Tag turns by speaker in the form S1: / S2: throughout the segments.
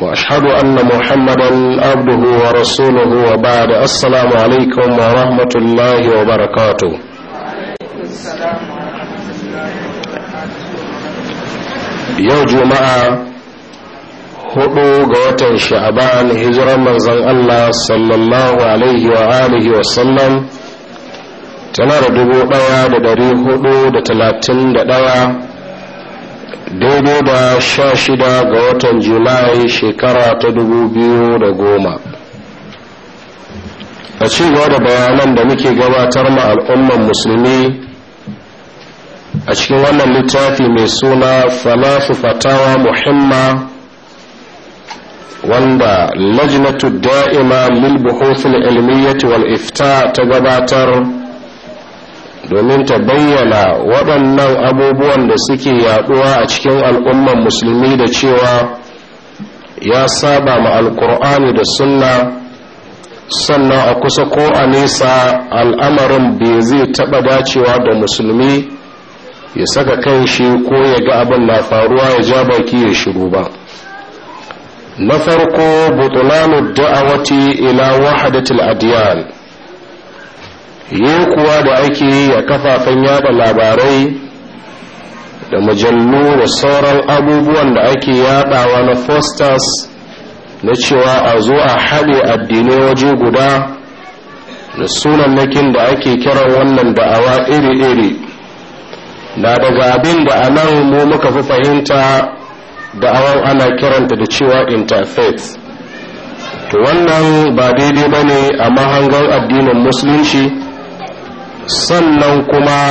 S1: وأشهد أن محمدا عبده ورسوله وبعد السلام عليكم ورحمة الله وبركاته yau juma'a hudu ga watan sha'aban hijiran manzon Allah sallallahu alaihi wa wa sallam tana da dubu ɗaya da dari hudu da talatin da ɗaya. daidai da sha shida ga watan julai shekara ta dubu biyu da goma a cigaba da bayanan da muke gabatar ma al'umman musulmi a cikin wannan littafi mai suna falafu fatawa muhimma wanda lajnatu da'ima lil buhuthul ilmiyyati wal ifta ta gabatar domin ta bayyana waɗannan abubuwan da suke yaɗuwa a cikin al'umman musulmi da cewa ya saba ma alkur'ani da sunna sannan a kusa ko a nesa al'amarin bai zai taɓa dacewa da musulmi ya saka kan shi ko ya ga abin na faruwa ya ja baki ya shiru ba na farko butulanu da'awati ila wahadatul adiyan kuwa da ake yi a kafafen yada labarai da mujallu da sauran abubuwan da ake yadawa na fosters na cewa a zo a haɗe addinai waje guda da sunannakin da ake kiran wannan da'awa iri-iri na daga abin da a nan mu muka fi fahimta da'awar ana kiranta da cewa interfaith to wannan ba daidai ba ne a mahangar addinin musulunci sannan kuma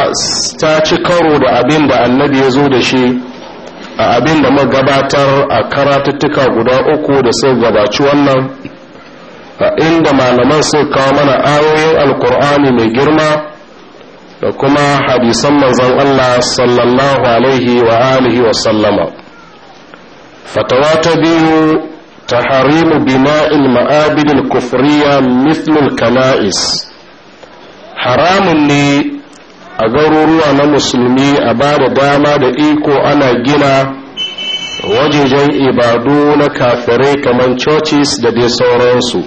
S1: ta ci karo da abin da annabi ya zo da shi a abin da magabatar a karatuttuka guda uku da sai gabaci wannan a inda malaman sai kawo mana ayoyin alkur'ani mai girma da kuma hadisan manzon Allah sallallahu alaihi wa alihi wa sallama fatawa ta biyu taharimu bina ma'abidil kufriya mithlul kana'is haramun ne a garuruwa na musulmi a ba da dama da iko ana gina wajejen ibadu na kafirai kamar churches da dai sauransu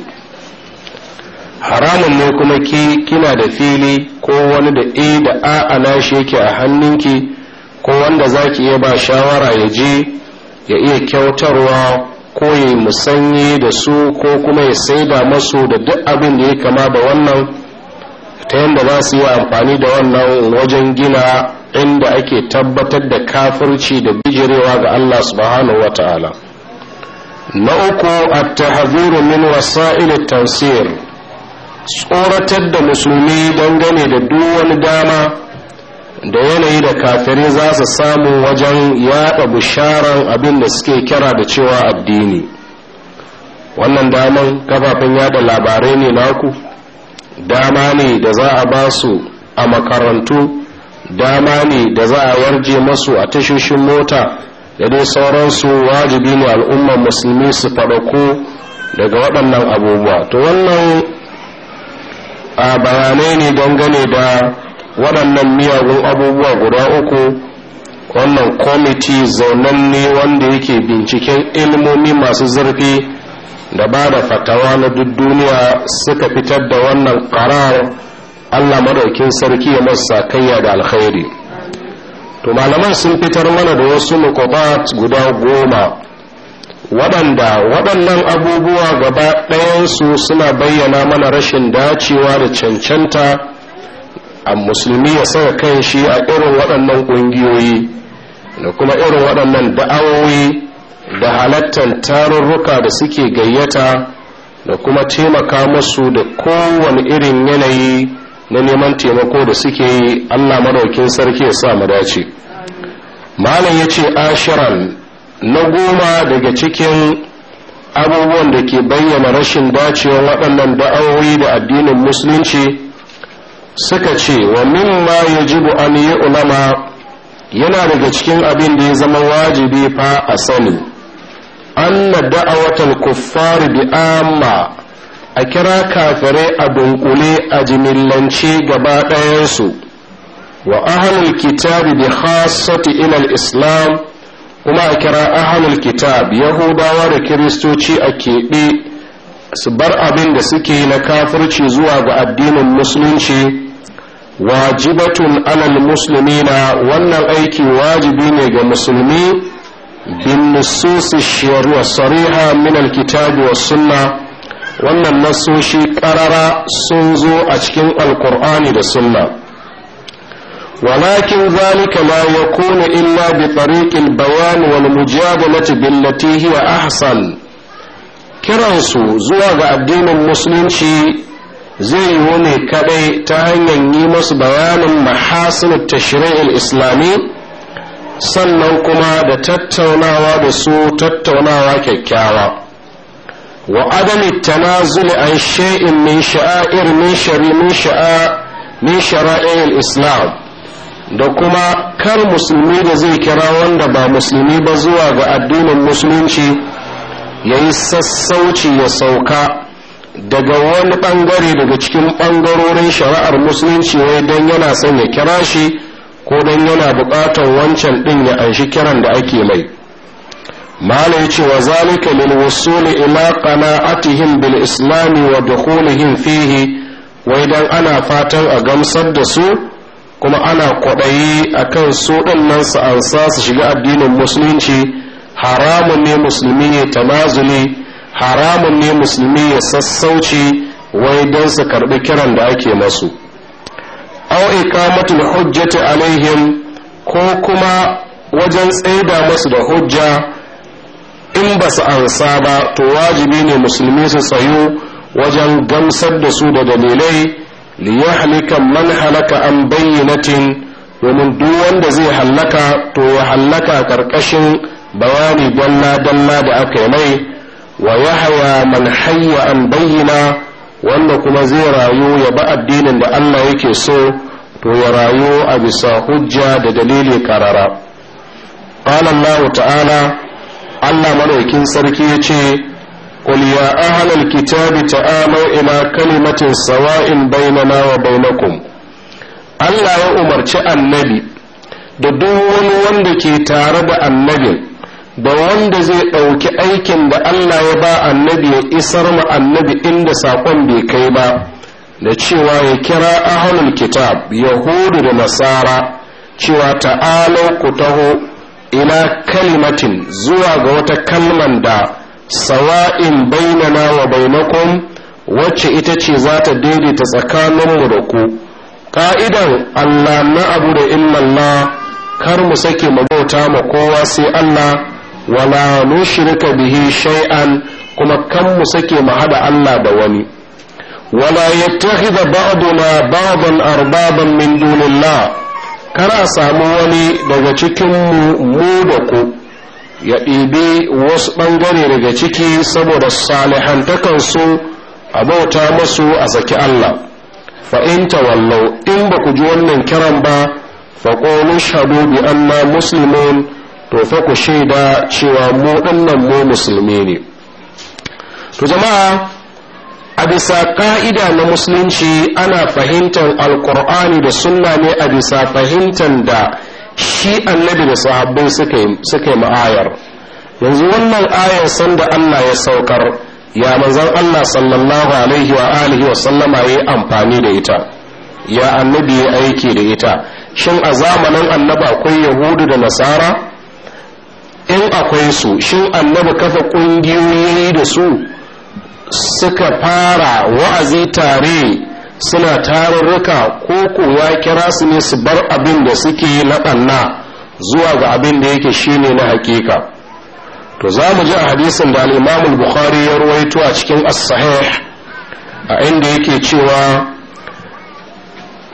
S1: haramun ne kuma ki kina da fili ko wani da e da a ana shi yake a hannunki ko wanda za ki iya ba shawara ya je ya iya kyautarwa ko ya musanye da su ko kuma ya saida masu da duk abin da ya kama da wannan ta yadda za su yi amfani da wannan wajen gina inda ake tabbatar da kafirci da bijirewa ga Allah subhanahu wa ta'ala na uku a tahazuru min wasa'il Tansir, tsoratar da musulmi dangane da duk wani dama da yanayi da kafirai za su samu wajen yaɗa bisharan abin da suke kira da cewa addini wannan daman kafafen yada labarai ne naku dama ne da za a ba su a makarantu dama ne da za a warje masu a tashoshin mota da dai sauransu wajibi ne al'ummar musulmi su faɗako daga waɗannan abubuwa to wannan a bayanai ne dangane da waɗannan miyagun abubuwa guda uku wannan kwamiti zaunanne wanda yake binciken ilmomi masu zurfi da ba da fatawa na duk duniya suka fitar da wannan karar allah madaukin sarki ya masa kayya da alkhairi to malaman sun fitar mana da wasu nukubat guda goma waɗanda waɗannan abubuwa gaba ɗayansu suna bayyana mana rashin dacewa da cancanta a musulmi ya saka kan shi a irin waɗannan ƙungiyoyi da kuma irin waɗannan da'awoyi da halattar tarurruka da suke gayyata da kuma taimaka musu da kowane irin yanayi na neman taimako da suke yi allah maraukin sarki ya sa mu dace malam ya ce ashiran na goma daga cikin abubuwan da ke bayyana rashin dacewa waɗannan da'awoyi da addinin musulunci suka ce wa mimma yajibu an yi ulama yana daga cikin abin da ya zama wajibi fa a sani anna da'awatal kuffari bi amma a kira kafirai a dunkule a jimillance gaba ɗayansu wa ahlul kitabi bi khassati ila islam kuma a kira ahlul kitab yahudawa da kiristoci a keɓe su bar abin da suke na kafirci zuwa ga addinin musulunci wajibatun alal na wannan aiki wajibi ne ga musulmi بالنصوص الشرعية الصريحة من الكتاب والسنة wannan nasoshi ƙarara sun zo a cikin alkur'ani da sunna walakin zalika la yakunu illa bi tariqil bayan wal mujadalati billati hiya ahsan kiransu zuwa ga addinin musulunci zai yiwu ne kaɗai ta hanyar yi masu bayanin mahasin tashri'il islami sannan kuma da tattaunawa da su tattaunawa kyakkyawa wa adami tanazul an shay'in min sha'air min shari min sha'a min shara'il islam da kuma kar musulmi da zai kira wanda ba musulmi ba zuwa ga addinin musulunci yayi sassauci ya sauka daga wani bangare daga cikin bangarorin shari'ar musulunci wai dan yana son ya kira shi ko dan yana buƙatar wancan ɗin ya anshi kiran da ake mai mala ya ce wa zalika lil wusuli ila qana'atihim bil islami wa dukhulihim fihi wai dan ana fatan a gamsar da su kuma ana kwaɗayi akan su ɗin nan su ansa su shiga addinin musulunci haramun ne musulmi ya tanazuli haramun ne musulmi ya sassauci wai don su karɓi kiran da ake masu aw iqamatul hujjati alaihim ko kuma wajen tsaida musu da hujja in ba su ansa ba to wajibi ne musulmi su tsayu wajen gamsar da su da dalilai liyahlika man halaka an bayyanatin domin duk wanda zai hallaka to ya hallaka karkashin bayani dalla dalla da aka yi mai wa yahya man hayya an bayyana wanda kuma zai rayu ya ba addinin da Allah yake so to ya rayu a bisa hujja da dalili karara qala Allah ta'ala Allah malaikin sarki yace qul ya ahlal kitabi ta'alu ila kalimatin sawa'in bainana wa bainakum Allah ya umarci annabi da duk wani wanda ke tare da annabin da wanda zai ɗauki aikin da Allah ya ba annabi ya isar ma annabi inda sakon bai kai ba da cewa ya kira ahlul kitab yahudu da nasara cewa ta'alo ku taho ila kalimatin zuwa ga wata kalman da sawa'in bainana wa bainakum wacce ita ce za ta daidaita tsakaninmu da ku ka'idan allah na abu da illallah kar mu sake mu bauta ma kowa sai allah wala nushirka bihi shay'an kuma kan mu sake mu hada allah da wani يتخذ بعضنا بعضا اربابا arbaban دون الله كرا samu wani daga cikin mu mu da ku ya ɗibi wasu bangare daga ciki saboda su a bauta masu a saki Allah fa'inta wallau in ba ku ji wannan kiran ba fa qulu shahadu bi anna musulmin to fa ku shaida cewa mu ɗannan mu musulmi ne to jama'a a bisa ƙa'ida na musulunci ana fahimtar alkur'ani da sunna ne a bisa fahimtar da shi annabi da sahabbai suka yi ma'ayar yanzu wannan ayar sanda allah ya saukar ya manzan allah sallallahu alaihi wa alihi wa sallama ya amfani da ita ya annabi ya aiki da ita shin a zamanin annabi akwai yahudu da nasara in akwai su shin annabi kafa ƙungiyoyi da su suka fara wa'azi tare suna tarurruka ko kuwa kira su ne su bar abin da suke na zuwa ga abin da yake shine na hakika to za mu ji a hadisin da al'imam bukhari ya ruwaito a cikin as a inda yake cewa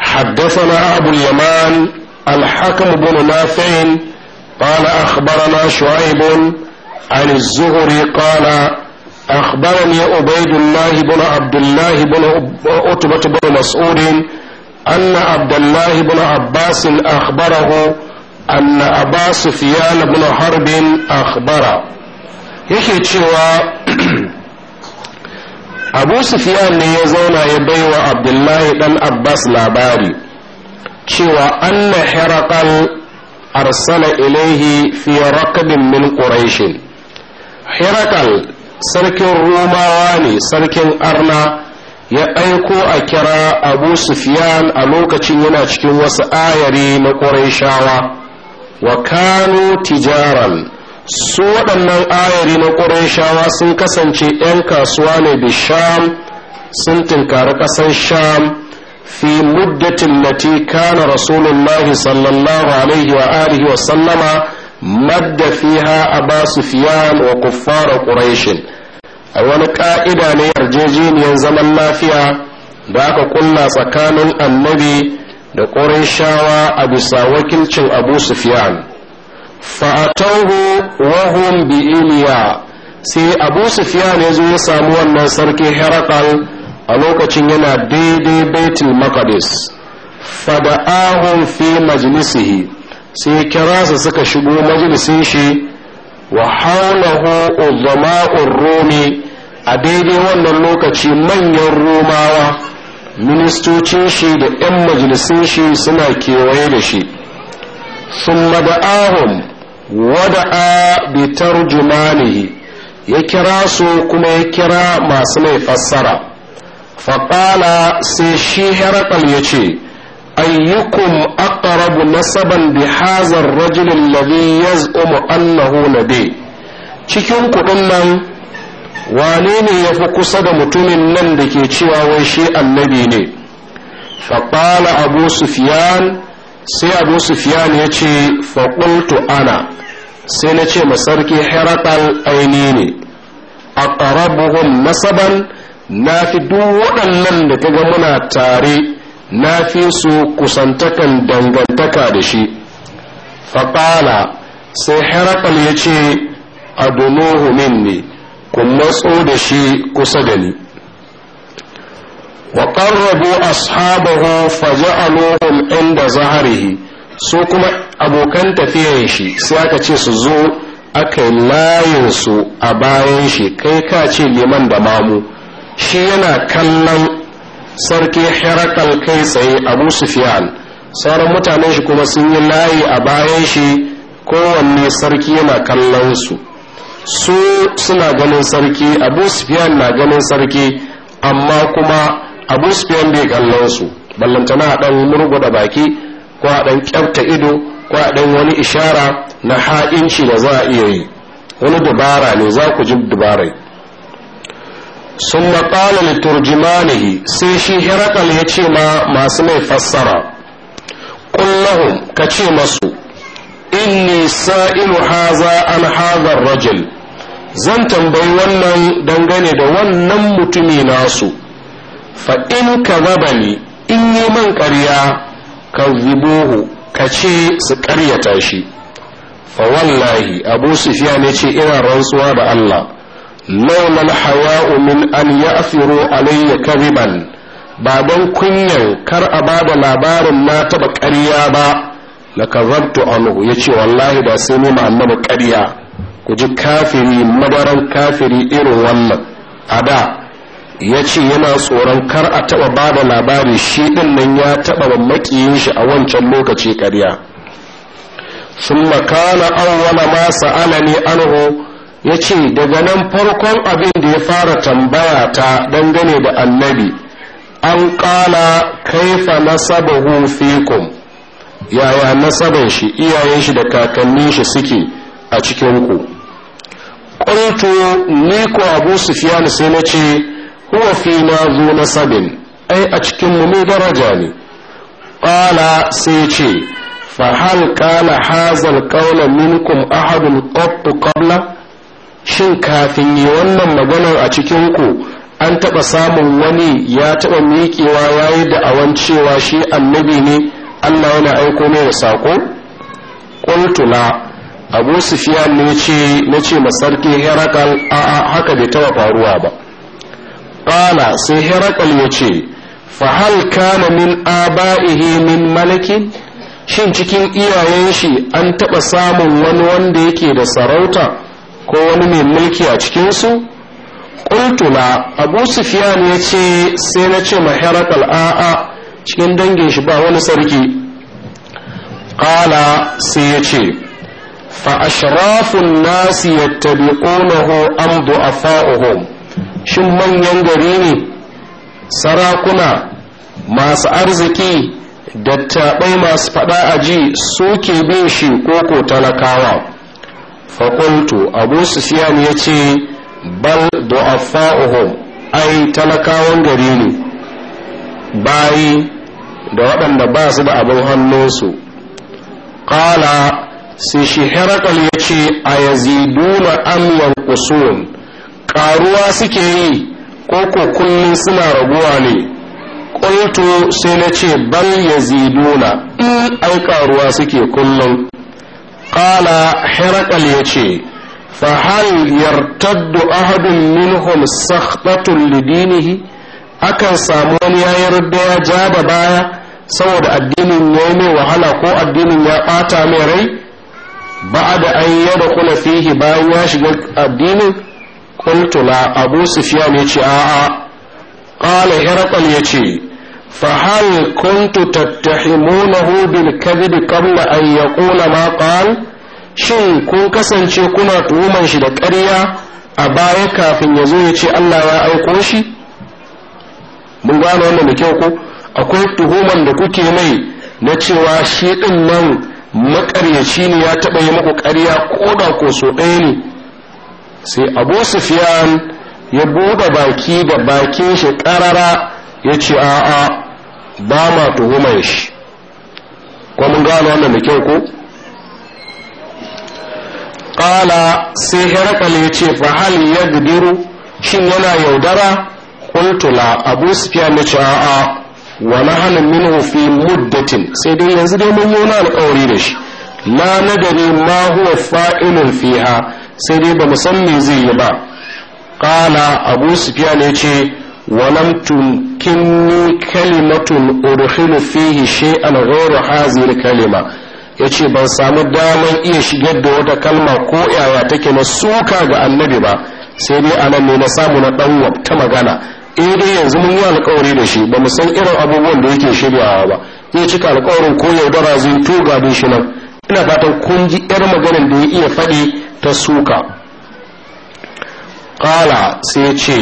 S1: حدثنا أبو اليمان الحكم بن نافع قال أخبرنا شعيب عن الزهري قال أخبرني عبيد الله بن عبد الله بن عتبة بن مسعود أن عبد الله بن عباس أخبره أن أبا سفيان بن حرب أخبره yake cewa abu sufiyan ne ya zauna ya baiwa abdullahi dan abbas labari cewa anna hirakal arsala ilaihi fi rakabin min quraishin hirakal sarkin rumawa ne sarkin arna ya aiko a kira abu sufyan a lokacin yana cikin wasu ayari na ƙuraishawa wa kano tijaran su waɗannan ayari na ƙuraishawa sun kasance 'yan kasuwa ne bisham sun tinkari ƙasar sham fi muddatin lati kana rasulullahi sallallahu alaihi wa alihi wa sallama madda fiha ba Sufiyan wa kuffara quraish a wani ƙa'ida ne yarjejeniyar zaman lafiya da aka kulla tsakanin annabi da shawa a bisa wakilcin abu sufyan fa'atauhu wa hum bi iliya sai abu sufyan ya zo ya samu wannan sarki herakal a lokacin yana daidai baitul maqdis fada'ahum fi majlisihi sai kira suka shigo majalisin shi wa haulahu uzama'ur rumi a daidai wannan lokaci manyan romawa ministocin shi da 'yan majalisin shi suna kewaye da shi sun mada'ahun wada'a bi tarjumanihi ya kira su kuma ya kira masu mai fassara faƙala sai shi herakal ya ce أيكم أقرب nasaban bi الرجل الذي يزعم أنه نبي cikin kudin nan wane ne ya fi kusa da mutumin nan da ke cewa wai shi annabi ne faqala abu sufyan sai abu sufyan ya ce faqultu ana sai na ce masarki herakal aini ne aqrabuhum nasaban na fi duk waɗannan da kaga muna tare na fi su kusantakan dangantaka da shi faƙala sai herakal ya ce adunuhu minni ku matso da shi kusa da ni wa ƙarrabu ashabahu faja'aluhum inda zaharihi su kuma abokan tafiyan shi sai aka ce su zo aka yi layinsu a bayan shi kai ka ce liman da mamu shi yana kallon sarki hirakal kai tsaye abu sufiyan sauran mutanen shi kuma sun yi layi a bayan shi kowanne sarki yana kallon su su suna ganin sarki abu sufiyan na ganin sarki amma kuma abu sufiyan bai kallon su ballantana a ɗan murgu da baki ko a ɗan kyauta ido ko a ɗan wani ishara na ha'inci da za a iya yi wani dubara ne za ku ji dubarai sun maƙalar turjimanihi sai shi hirakal ya ce ma masu mai fassara ƙullahun ka ce masu inni sa'ilu haza an hazar rajul zan tambayi wannan dangane da wannan mutumi nasu fa in ka bani in yi man ƙarya ka zibohu ka ce su ƙaryata shi fa wallahi abu sufiya ne ce ina rantsuwa da allah laula alhawa'u min an ya'siru alayya kariban ba don kunyan kar a ba da labarin na taɓa ƙarya ba la kazabtu anhu yace wallahi da sai nima annabi ƙarya ku ji kafiri madaran kafiri irin wannan a da ya ce yana tsoron kar a taɓa ba da labari shi ɗin ya taɓa maƙiyin shi a wancan lokaci karya. sun makana awwala ma sa'ala ne anhu ya ce daga nan farkon abin da ya fara tambaya ta dangane da annabi an ƙala kaifa nasabahu fikum yaya nasaban shi iyayen shi da kakannin shi suke a cikin ku? ƙuntu ni ko abu sufiyan sai na ce huwa fi na zo nasabin ai a cikinmu mai daraja ne ƙala sai ce fa fahal kala hazal ƙaula minkum ahadun qabla shin kafin yi wannan maganar a cikin ku an taɓa samun wani ya taɓa miƙewa ya yi awancewa cewa shi annabi ne allah yana aiko mai da saƙo ƙultula abu sufiyan ne ce na ce masarki herakal a haka bai taɓa faruwa ba ƙala sai herakal ya ce fahal kana min aba'ihi min malaki shin cikin iyayen shi an taɓa samun wani wanda yake da sarauta ko wani mai mulki a cikinsu ƙultula abu sufiyan ya ce sai na ce ma a'a cikin dangin shi ba wani sarki ƙala sai ya ce nasu fa'ashrafun nasi yattabi'unahu am du'afa'uhum shin manyan gari ne sarakuna masu arziki dattaɓai masu faɗa a aji suke bin shi koko talakawa faƙultu abu sufiyan ya ce bal du'affa'uhum ai talakawan gari ne bayi da waɗanda ba su da abin hannunsu ƙala sai shi herakal ya ce a yaziduna amyan kusurun ƙaruwa suke yi ko ko kullum suna raguwa ne ƙultu sai na ce bal yaziduna in ai ƙaruwa suke kullum qala hirakal yace fa hal yartaddu ahadun minhum sakhtatun lidinihi akan samu wani ya yarda ya ja da baya saboda addinin ya mai wahala ko addinin ya ɓata mai rai ba'a ba'da an yadkhula fihi bayan ya shiga addinin qultu la abu sufyan yace a'a qala hirakal yace فهل كنت تتهمونه بالكذب قبل أن يقول ما قال shin kun kasance kuna tuhumar shi da ƙarya a baya kafin ya zo ya ce Allah ya aiko shi mun gano wannan da kyau akwai tuhuman da kuke mai na cewa shi ɗin nan maƙaryaci ne ya taɓa yi muku ƙarya ko da ko so ɗaya ne sai abu sufyan ya buɗe baki da bakin shi ƙarara ya ce a'a ba ma tuhumar shi ko mun gano wannan da kyau ko ƙala sai herakal ya ce fa hal ya gudiru shin yana yaudara kultula abu sufiyan na ce a'a wani hana min fi muddatin sai dai yanzu dai mun yi alƙawari da shi Na nadari ma huwa fa'ilun fiha sai dai ba mu san me zai yi ba Ƙala abu ne ce. ولم تمكنني كلمة أدخل فيه شيئا غير هذه الكلمة yace ban samu damar iya shigar da wata kalma ko yaya take na suka ga annabi ba sai dai a nan ne na samu na dan wata magana eh dai yanzu mun yi alkawari da shi ba mu san irin abubuwan da yake shiryawa ba zai cika alkawarin ko yaudara zai toga da shi nan ina fatan kun ji yar maganar da ya iya faɗi ta suka kala sai ce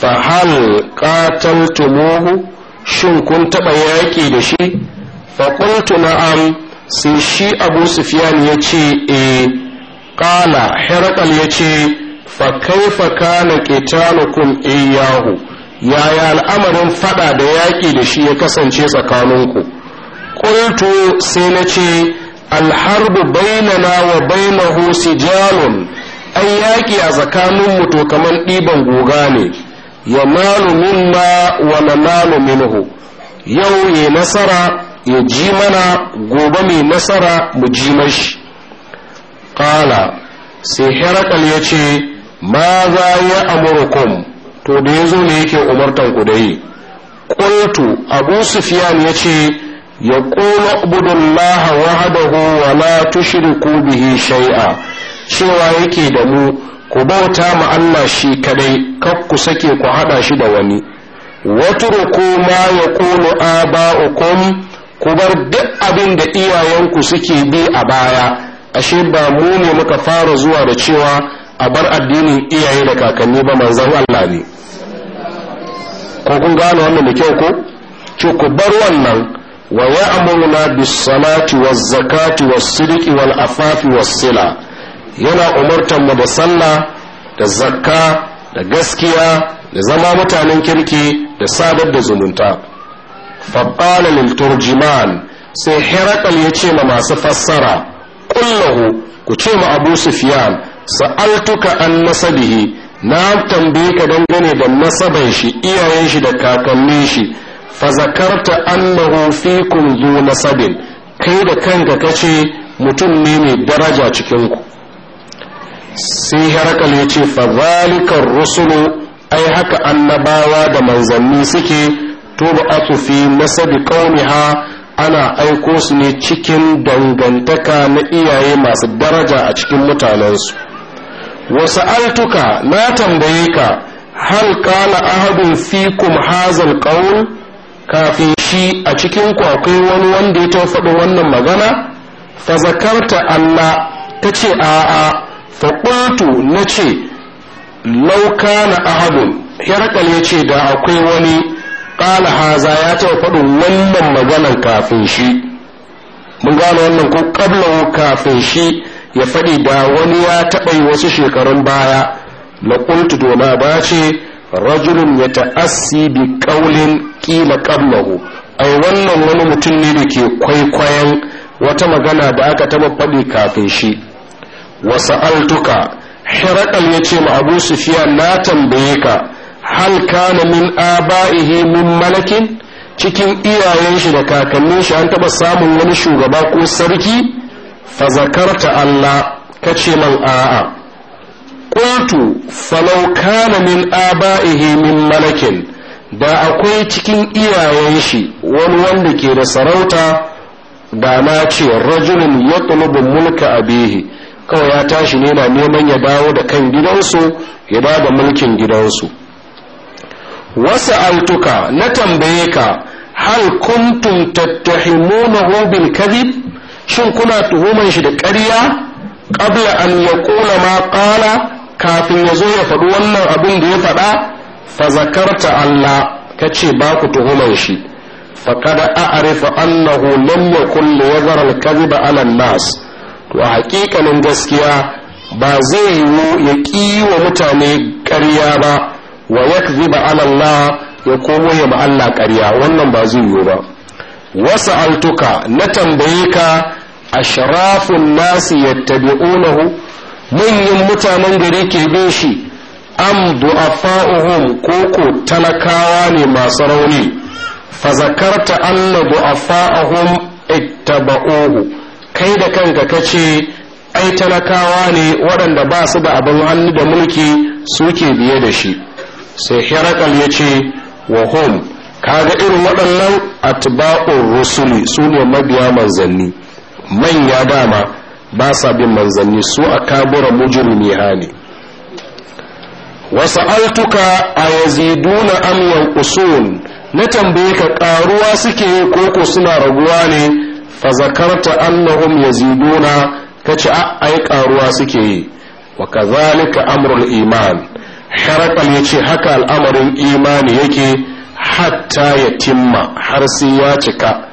S1: fahal qataltumuhu shin kun taɓa yaƙi da shi faƙultu na'am sai shi abu sufyan ya ce e eh. ƙala herakal ya ce fa kaifa kana qitalukum iyyahu yaya al'amarin fada da yaƙi da shi ya kasance tsakaninku ƙultu sai na ce alharbu bainana wa bainahu sijalun Ai yaƙi a tsakaninmu to kamar ɗiban goga ne ya malu minna wa na malu minhu yau ye nasara ya ji mana gobe mai nasara mu ji mashi ƙala sai herakal ya ce ma za ya amurkum to da ya zo ne yake umartan ku da yi ƙultu abu Sufyan ya ce ya ƙola ubudullaha wahadahu wa la tushriku bihi shai'a cewa yake da mu ku bauta ma Allah shi kadai kar ku sake ku hada shi da wani ko ma yaqulu aba'ukum ku bar duk abin da iyayenku suke bi a baya ashe ba mu ne muka fara zuwa da cewa a bar addinin iyaye da kakanni ba manzon Allah ne ko kun gane wannan da kyau ko ce ku bar wannan wa ya'muruna bis salati waz zakati was sidqi wal afafi was sila yana umartar mu da sallah da zakka da gaskiya da zama mutanen kirki da sadar da zumunta faɓɓala turjiman sai herakal ya ce ma masu fassara kullahu ku ce ma abu sufiyan sa'altuka an nasabihi na tambaye ka dangane da nasaban shi iyayen shi da kakannin shi fa zakarta annahu fikum zu nasabin kai da kanka kace mutum ne mai daraja cikin ku sai harakal ya ce fa zalikar rusulu ai haka annabawa da manzanni suke tuba a fi nasabi kauniha ana aiko su ne cikin dangantaka na iyaye masu daraja a cikin mutanensu wasu altuka na tambaye ka hal kana ahadun fikum hazal qaul kafin shi a cikin kwakwai wani wanda ya faɗi wannan magana fa zakarta Allah kace a'a faƙultu na ce lauka na ahadun herakal ya ce da akwai wani ƙala haza ya taɓa faɗi wannan maganan kafin shi mun gane wannan ko ƙablan shi ya faɗi da wani ya taɓa yi wasu shekarun baya laƙultu dona ba ce rajulun ya ta'assi bi ƙaulin ƙila ƙablahu ai wannan wani mutum ne da ke kwaikwayon wata magana da aka taɓa faɗi kafin shi wasa'altuka sa'altuka hirakal ya ce ma abu sufiyan na tambaye ka hal kana min aba'ihi min malakin cikin iyayen shi da kakannin shi an taba samun wani shugaba ko sarki fa zakarta Allah ka ce man a'a qultu falau kana min aba'ihi min malakin da akwai cikin iyayen shi wani wanda ke da sarauta da na ce rajulun yatlubu mulka abihi kawai ya tashi ne na neman ya dawo da kan gidansu ya dawo da mulkin gidansu wasu altuka na tambaye ka hal kuntum tattahimunahu bil kadhib shin kuna tuhuman shi da ƙarya qabla an yaqula ma qala kafin ya zo ya faɗi wannan abin da ya faɗa fa zakarta Allah kace ba ku tuhuman shi fa a a'rifu annahu lam yakul yadhara al kadhiba ala nas to a hakikanin gaskiya ba zai yiwu ya ƙi wa mutane ƙarya ba wa ya ba Allah ya komo ya Allah ƙarya wannan ba zai yiwu ba wasu altuka na tambaye ka a ashrafun onahu mun manyan mutanen gari ke bin shi am du'afa'uhum koko talakawa ne masu rauni fa zakarta anna du'afa'uhum ittaba'uhu kai da kanka ka ce ai talakawa ne waɗanda ba su da abin hannu da mulki suke biye da shi sai herakal ya ce wa hum kaga irin waɗannan atba'ur rusuli su ne mabiya manzanni manya dama ba sa bin manzanni su a kabura mujrimi hali wasu altuka a yaziduna am yanqusun na tambaye ka karuwa suke koko suna raguwa ne fa zakarta annahum yaziduna kace a ah, ai karuwa suke yi wa kazalika amrul iman sharakal yace haka al'amarin imani yake hatta ya timma har sai ya cika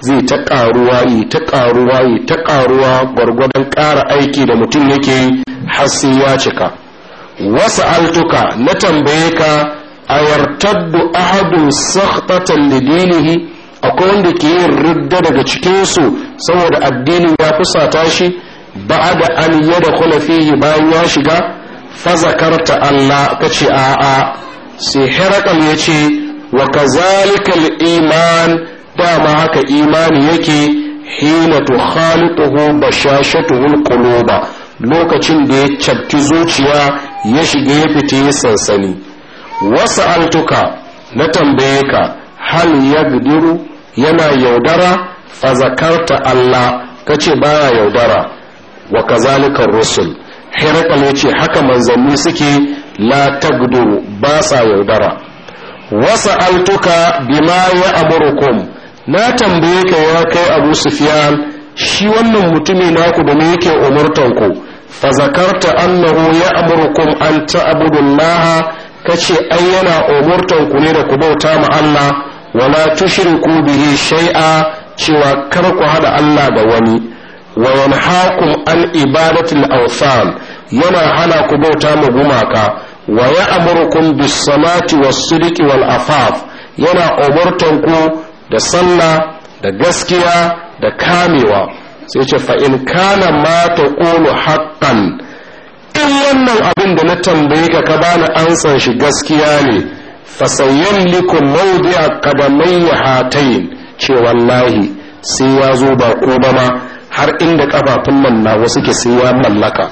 S1: zai ta karuwa yi ta karuwa yi ta karuwa gwargwadon ƙara aiki da mutum yake har sai ya cika wasu altuka na tambaye ka a yartaddu ahadun sakhtatan lidinihi akwai wanda ke yin ridda daga cikinsu saboda addinin ya fusata shi ba da an da kula fihi bayan ya shiga fazakarta Allah ka ce a'a sai herakal ya ce wa kazalikal iman dama haka imani yake hina tu khalituhu bashashatuhul quluba lokacin da ya cakki zuciya ya shiga ya fita sansani wasu altuka na tambaye ka hal yagdiru yana yaudara fazakarta Allah kace baya yaudara wa kazalika rusul hirakal ce haka manzanni suke la tagduru ba sa yaudara wasa altuka bima ya amurukum na tambaye ka ya kai abu Sufiyan, shi wannan mutumi naku da me yake umurtan ku fazakarta annahu ya amurukum an ka kace ai yana ku ne da ku bauta ma Allah wala tushriku bihi shay'a cewa kar ku hada Allah da wani wa yanhaakum an ibadati al yana hana ku bauta ma gumaka wa ya'murukum bis salati was-sidqi wal-afaf yana umurtan ku da sallah da gaskiya da kamewa sai ce fa in kana ma taqulu haqqan in wannan abin da na tambaye ka ka bani ansan shi gaskiya ne a kadamai ya hatayin ce wallahi sai ya zo ba ko ba ma har inda kafafun nan na wasu ke sai ya mallaka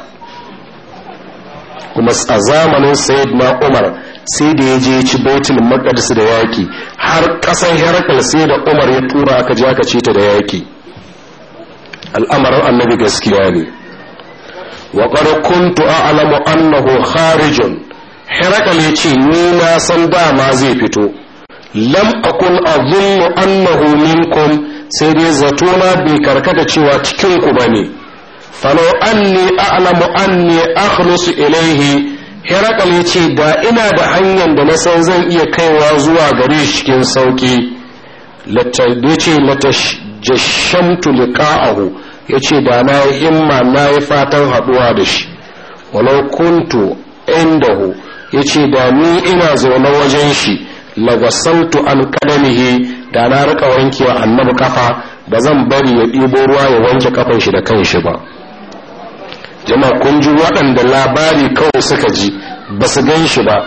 S1: kuma a zamanin sayid na umar sai da ya je ya ci baitul maqdis da yaki har kasan herakal sai da umar ya tura aka je aka ce ta da yaki al'amarin annabi gaskiya ne wa qad kuntu a'lamu annahu kharijun herakal ya ce ni na san dama zai fito lam akun azunnu annahu minkum sai dai zato na bai karkata cewa cikin ku bane ne anni a'lamu anni akhlusu ilaihi herakal ya ce da ina da hanyar da na san zan iya kaiwa zuwa gare shi cikin sauki ya ce latajashamtu liqa'ahu ya ce da na yi himma na yi fatan haɗuwa da shi walau kuntu indahu yace da ni ina zaune wajen shi lagwasantu an kadamihi da na rika wankewa annabi kafa da zan bari ya ɗibo ruwa ya wanke kafan shi da kan shi ba jama'a kun ji waɗanda labari kawai suka ji ba su gan shi ba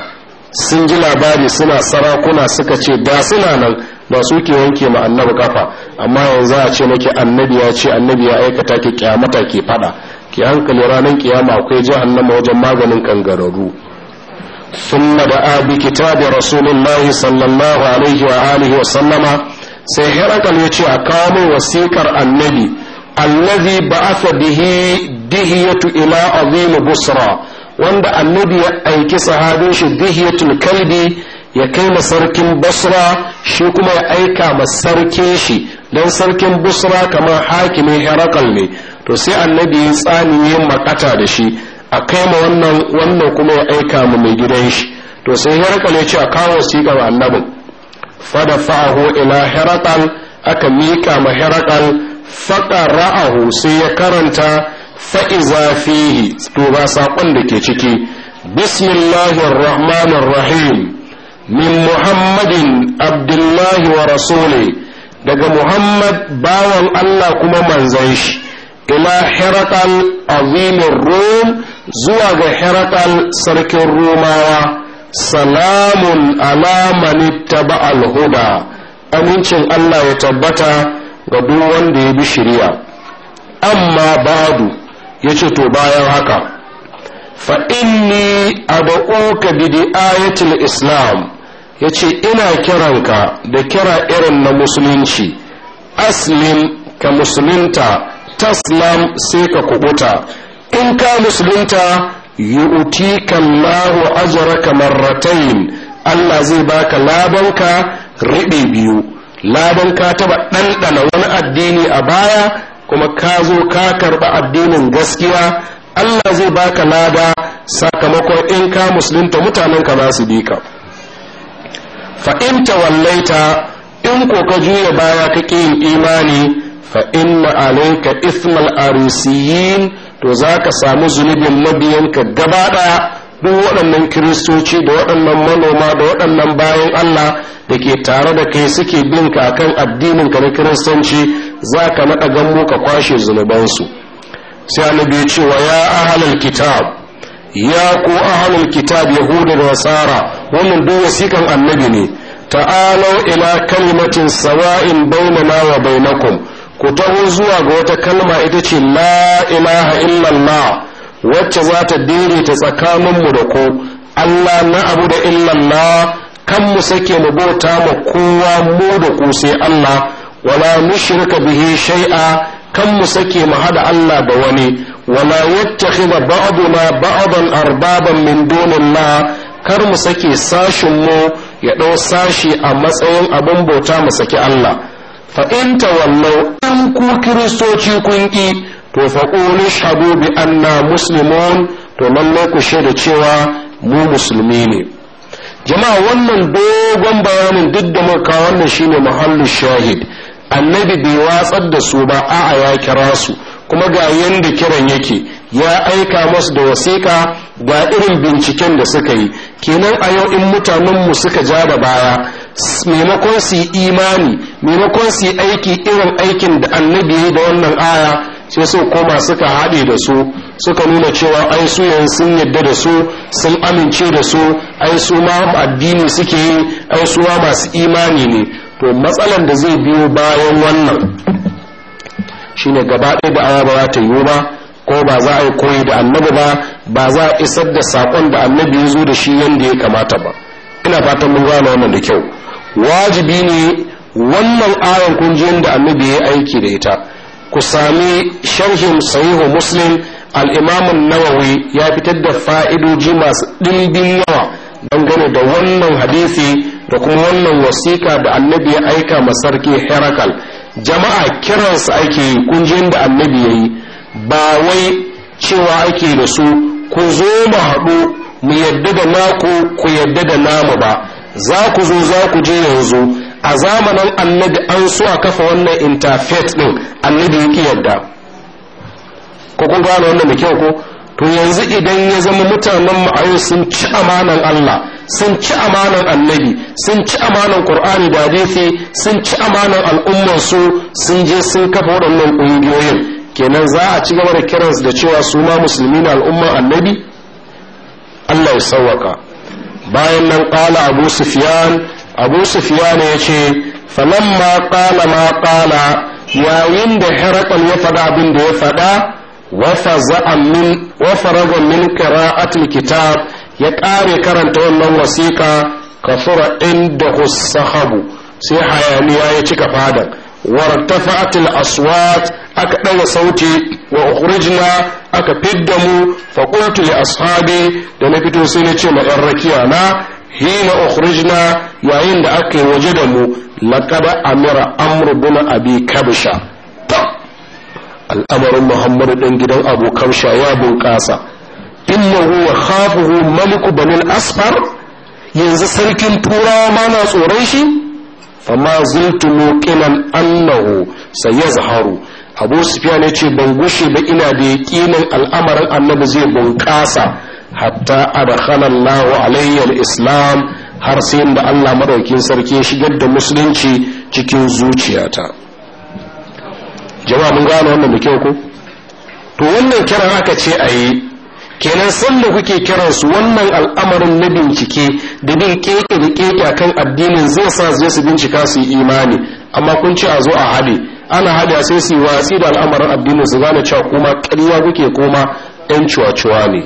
S1: sun ji labari suna sarakuna suka ce da suna nan ba su ke wanke ma annabi kafa amma yanzu a ce maki annabi ya ce annabi ya aikata ki kyamata ke fada ki hankali ranar kiyama akwai jahannama wajen maganin kangararru ثم دعا بكتاب رسول الله صلى الله عليه وآله وسلم سيهرك يتي أقام وسيكر النبي الذي بعث به دهية إلى عظيم بصرى وند النبي أيك صحابيش دهية الكلب يكيم سركن بصرى شكما أيكا مسركيش dan sarkin busra kamar hakimin herakal ne to sai annabi ya tsaniye makata da shi a kai wannan wannan kuma ya aika mu mai gidan shi to sai herakal ya ce a kawo wasiƙa annabi annabin
S2: fada fa'ahu ila herakal
S1: aka miƙa ma herakal faɗa ra'ahu sai ya karanta fa'iza fihi to ba saƙon da ke ciki bismillahir rahmanir rahim min muhammadin abdullahi wa rasuli daga muhammad bawan allah kuma manzan shi ila herakal azimin rum zuwa ga herakal sarkin romawa salamun alamani taba alhuda amincin allah ya tabbata ga duk wanda ya bi shirya amma badu ya ce to bayan haka fa inni ad'uka bi ayatul islam ya ce ina kiranka da kira irin na musulunci aslim ka musulunta taslam sai ka kubuta in ka musulunta yu'tika llahu ajraka marratain allah zai baka labanka riɓe biyu labanka taɓa ɗanɗana wani addini a baya kuma ka zo ka karɓa addinin gaskiya allah zai baka lada sakamakon in ka musulunta mutanenka za su bi ka fa in tawallaita in ko ka juya baya kake yin imani fa inna alaika ithmal arusiyin to za ka samu zunubin mabiyanka gaba ɗaya duk waɗannan kiristoci da waɗannan manoma da waɗannan bayan allah da ke tare da kai suke bin ka kan addinin ka na kiristanci za ka naɗa gambo ka kwashe zunubansu sai annabi ya cewa ya ahlal kitab ya ku ahlul kitab yahuda da nasara wannan duk wasikan annabi ne ta'alau ila kalimatin sawa'in bainana wa bainakum ku taho zuwa ga wata kalma ita ce la ilaha illallah wacce za ta tsakanin tsakaninmu da ku allah na abu da illallah kan mu sake mu bauta mu kowa mu da ku sai allah wala mushrika bihi shay'a kan mu sake mu hada allah da wani wala yattakhidha ba'duna ba'dan arbaban min dunillah kar mu sake sashin mu ya ɗau sashi a matsayin abin bauta mu saki allah fa in in ku kiristoci kun ki to fa qulu shahadu bi anna muslimun to lallai ku shaida cewa mu musulmi ne jama'a wannan dogon bayanin duk da muka wannan shine muhallin shahid annabi bai watsar da su ba a'a ya kira su kuma ga yanda kiran yake ya aika masu da wasiƙa ga irin binciken da suka yi kenan a yau in mutanenmu suka ja da baya maimakon su yi imani maimakon su yi aiki irin aikin da annabi ya yi da wannan aya sai su koma suka haɗe da su suka nuna cewa ai su sun yadda da su sun amince da su ai su ma addini suke yi ai su ma masu imani ne to matsalan da zai biyo bayan wannan shine gaba ɗaya da aya ba za ta yiwu ba ko ba za a yi koyi da annabi ba ba za a isar da saƙon da annabi ya zo da shi yadda ya kamata ba ina fatan mun gane wannan da kyau wajibi ne wannan ayan kun da annabi ya aiki da ita ku sami sharhin sahihu muslim al-imam nawawi ya fitar da fa'idoji masu ɗimbin yawa dangane da wannan hadisi da kuma wannan wasiƙa da annabi ya aika ma sarki herakal jama'a kiransu ake yi kunjin da annabi ya yi ba wai cewa ake da su ku zo mu haɗu mu yadda da naku ku yadda da namu ba za ku zo za ku je yanzu a zamanin annabi an so a kafa wannan interfaith din annabi yake yadda ko kun gano wannan da kyau ko to yanzu idan ya zama mutanen yau sun ci amanan Allah sun ci amanan annabi sun ci amanan qur'ani da hadisi sun ci amanan al'ummar su sun je sun kafa waɗannan ƙungiyoyin kenan za a ci gaba da kiransu da cewa su ma musulmi na al'ummar annabi Allah ya sawwaka bayan nan qala abu sufyan abu sufyan ya ce falamma qala ma qala yayin da herakal ya faɗa abin da ya faɗa wa faraga min qira'atil kitab ya ƙare karanta wannan wasiƙa kafura inda sahabu sai hayaniya ya cika fadan warta al-aswat aka ɗaga sauti wa ukhrijna aka fidda mu fa qultu ashabi da na fito sai na ce ma ɗan rakiya na hina ukhrijna yayin da aka yi waje da mu laqad amira amru bin abi kabisha. al'amarin muhammadu ɗan gidan abokan ya bunƙasa innahu wa khafuhu maliku banil asfar yanzu sarkin turawa ma na tsoron shi fama zultu muqinan annahu sayazharu abu sufyan yace ban gushe ba ina da yaqinin al'amarin annabi zai bunƙasa hatta adkhala Allahu alayya al-islam har sai da Allah madaukin sarki ya shigar da musulunci cikin zuciyata jama'a mun gane wannan da kyau ko to wannan kiran aka ce a yi kenan sanda kuke kiran su wannan al'amarin na bincike da bin keke da keke akan addinin zai sa zai su bincika su yi imani amma kun ce a zo a haɗe ana haɗe sai su yi watsi da al'amarin addinin su gane cewa kuma ƙarya kuke koma ɗan cuwa-cuwa ne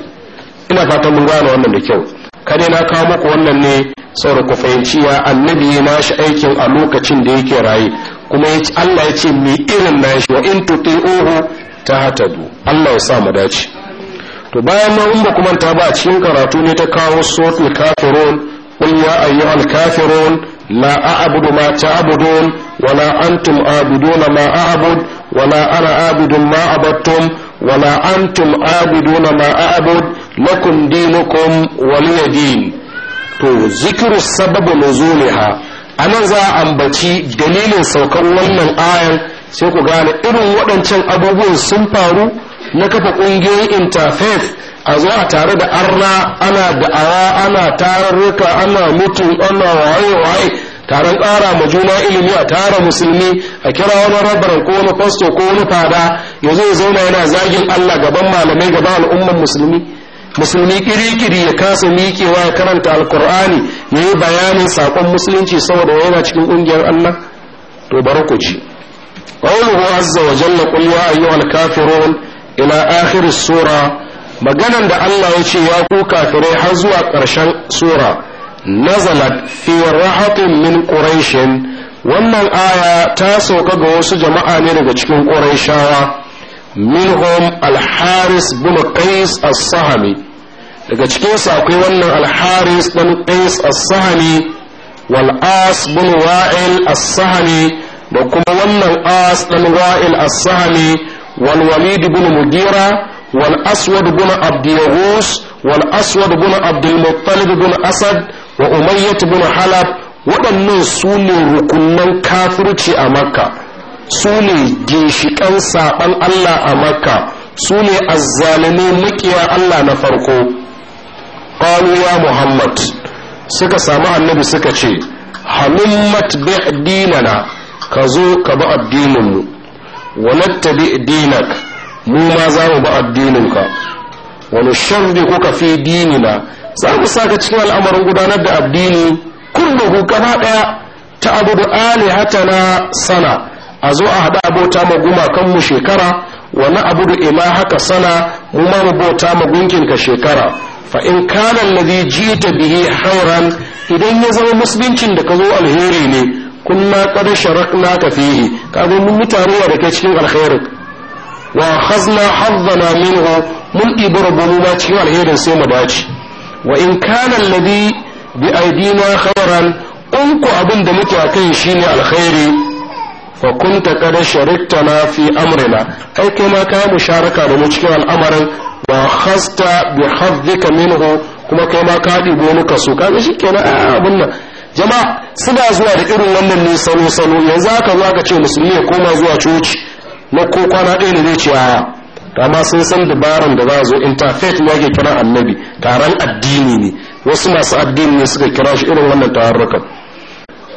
S1: ina fatan mun gane wannan da kyau kare na kawo muku wannan ne saboda ku fahimci ya annabi ya nashi aikin a lokacin da yake raye kuma ya Allah ya ce mai irin na shi wa in tuti uhu ta hatadu Allah ya sa mu dace to bayan ma umma kuma ta ba cikin karatu ne ta kawo sort al kafirun qul ya ayyuhal kafirun la a'budu ma ta'budun wa la antum a'budun ma a'bud wa la ana a'budu ma abattum wa la antum a'budun ma a'bud lakum dinukum wa liya din to zikru sababu nuzuliha a nan za a ambaci dalilin saukan wannan ayan sai ku gane irin waɗancan abubuwan sun faru na kafa ƙungiyoyin interfaith a zo a tare da arna ana da'awa ana tararruka ana mutum ana waye-waye taron ƙara ma juna ilimi a tara musulmi a kira wani rabaran ko wani fasto ko wani fada ya zo ya zauna yana zagin allah gaban malamai gaban al'umman musulmi musulmi kiri-kiri ya kasa mikewa ya karanta alkur'ani ya yi bayanin saƙon musulunci saboda yana cikin ƙungiyar allah to bar ku ji qawluhu azza wa jalla qul ya ayyuhal kafirun ila akhir sura maganan da allah ya ce ya ku kafirai har zuwa ƙarshen sura nazalat fi rahatin min quraishin wannan aya ta sauka ga wasu jama'a ne daga cikin ƙurayshawa minhum al-haris bin qais as sahmi daga cikinsu akwai wannan alharis ɗan qais as-sahani wal as bin wa'il as-sahani da kuma wannan as ɗan wa'il as-sahani wal walid bin mugira wal aswad bin abd yahus wal aswad bin abd al-muttalib bin asad wa umayyah bin halab waɗannan su ne rukunan kafirci a makka su ne ginshiƙan saɓan allah a makka su ne azzalumai makiya allah na farko qalu ya muhammad suka samu annabi suka ce halummat bi dinana ka zo ka bi addinin mu wa nattabi dinak mu ma za mu bi addinin ka wa nusharrikuka fi dinina za mu saka cikin al'amarin gudanar da addini kulluhu kana daya ta abudu alihatana sana a zo a haɗa abota ma gumakanmu shekara wani abudu ila haka sana mu ma mu ma gunkinka shekara fa in kana alladhi jita bihi hauran idan ya zama musuluncin da ka zo alheri ne kunna qad sharakna na fihi ka zo mun mutaruwa da ke cikin alkhairin wa khazna hazzana minhu mun ɗibi rabbanu ba cikin alherin sai mu dace wa in kana alladhi bi aidina khauran in ku abin da muke shi shine alheri. fa kunta kada na fi amrina ai kai ma ka musharaka da mu cikin al'amarin wa khasta bi haddika minhu kuma kai ma ka ɗibo wani kaso shi kenan a abun nan jama'a suna zuwa da irin wannan ne salo salo yanzu aka zo aka ce musulmi ya koma zuwa coci na ko kwana ɗaya ne zai ce a amma sun san dabaran da za a zo interfaith ne ake kira annabi taron addini ne wasu masu addini ne suka kira shi irin wannan tarurrukan